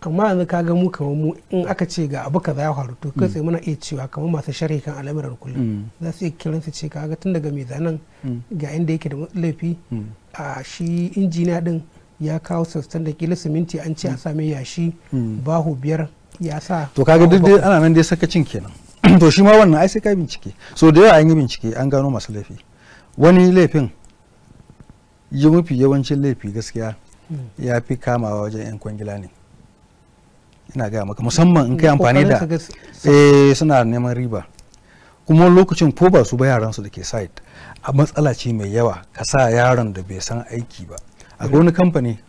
amma yanzu ka ga mu kamar
mu in aka ce ga abu kaza ya faru to kai mm. sai muna iya cewa kamar masu sharhi kan al'amuran kullum mm. za su iya kiran su ce ka ga tun daga mai mm. ga inda yake da laifi a shi injiniya din ya kawo sassan da kila siminti an ce a same yashi bahu biyar ya sa
to kaga duk dai ana nan dai sakacin kenan to shi ma wannan ai sai ka bincike so da yawa an yi bincike an gano masu laifi wani laifin yi mafi yawancin laifi gaskiya ya fi kamawa wajen 'yan kwangila ne ina gaya maka musamman in kai amfani da eh suna neman riba kuma lokacin ko ba su ba yaran su da ke site a matsala ce mai yawa ka sa yaron da bai san aiki ba a wani kamfani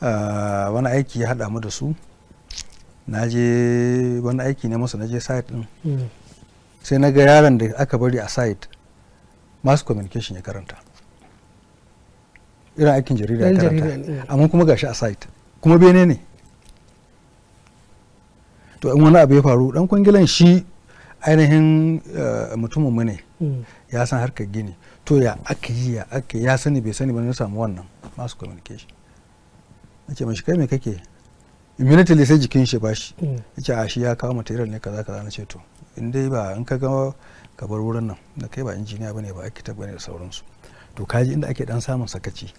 ah, wani aiki ya haɗa mu da su na je wani aiki ne masa na je site din hmm. sai na ga yaron da aka bari a site mass communication ya karanta irin aikin jarida ya karanta hmm. amma kuma gashi a site kuma bene ne to in wani abu ya faru dan kwangilan shi ainihin eh, mutumin mu ne mm. ya san harkar gini to ya aka yi ya aka ya sani bai sani ba na samu wannan masu communication nace mashi kai me kake immediately sai jikin shi ba shi mm. yace a shi ya kawo material ne kaza kaza na ce to in dai ba in ka ga ka bar wurin nan da kai ba injiniya bane ba architect bane da sauransu to kaji inda ake dan samun sakaci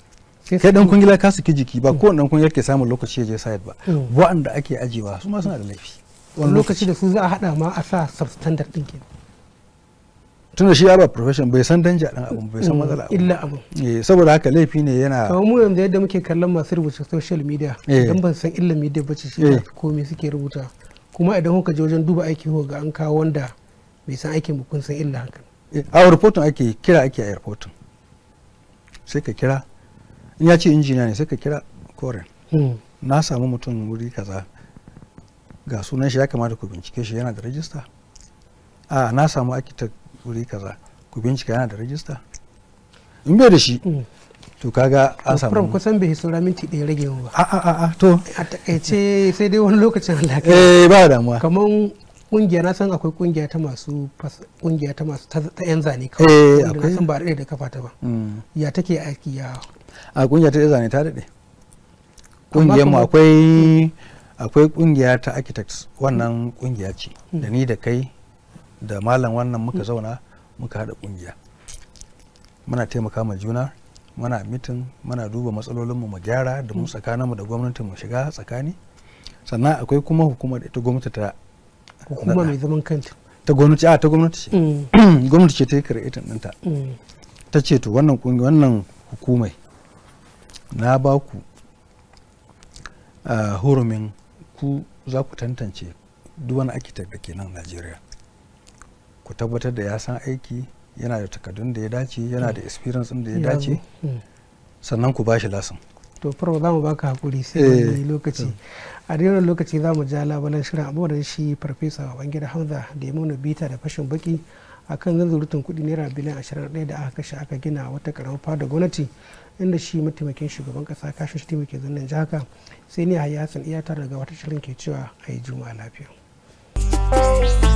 kai dan kungila ka saki jiki ba mm. kowane dan kungila ke samun lokaci ya je side ba wa'anda ake ajewa su ma suna da laifi lokaci
da su za a hada ma a sa substandard din ke
tunda shi ya ba profession bai san danja dan abun bai san mm, matsala abun illa abun eh, saboda haka laifi ne yana kamar
mu yanzu yadda muke kallon masu rubuta social media eh. dan ban san illa media ce shi eh. komai suke rubuta kuma idan kuka je wajen duba aiki ga an kawo wanda bai san aikin ba kun san
illa hakan a reporting ake kira ake a reporting sai ka kira in ya ce injiniya ne sai ka kira koren hmm. na samu mutum wuri kaza ga sunan shi ya kamata ku bincike shi yana da rajista a na samu ta wuri kaza ku bincika yana da rajista in bai da shi mm. to kaga a samu kuma
kusan bai saura minti ɗaya rage ba a a a to a takaice sai dai wani lokacin Allah eh ba damuwa kaman kungiya na san akwai kungiya ta masu kungiya ta masu ta yan zane kawai eh akwai san ba da da kafa ta ba mm. ya take aiki ya
a kungiya ta yan zane ta dade kungiyar mu akwai akwai kungiya ta architects wannan kungiya ce hmm. da ni da kai da malam wannan muka hmm. zauna muka haɗa kungiya muna taimaka ma juna muna mitin muna duba matsalolinmu mu gyara da mu hmm. tsakaninmu da gwamnatin mu shiga tsakani sannan akwai kuma hukumar ita gwamnati ta hukuma mai zaman kanta ta gwamnati a ta gwamnati ce gwamnati ce ta yi creating ɗinta ta ce to wannan kungiya wannan hukumai na baku hurumin ku za ku tantance duk wani architect da ke nan najeriya ku tabbatar da ya san aiki yana da takardun da ya dace yana da experience da ya dace hmm. sannan ku bashi lasin
to faro za mu baka hakuri sai wani eh. lokaci hmm. a daidai lokaci za mu ja labaran shirin da shi farfesa bangida hamza da ya muna bita da fashin baki a kan zanzurutun kudi naira biliyan ashirin da aka kashe aka gina wata karamar fada gwamnati inda shi mataimakin shugaban kasa kashin shi taimake zannan jaka sai ni hayyasin iya tara daga wata shirin ke cewa a yi juma'a lafiya.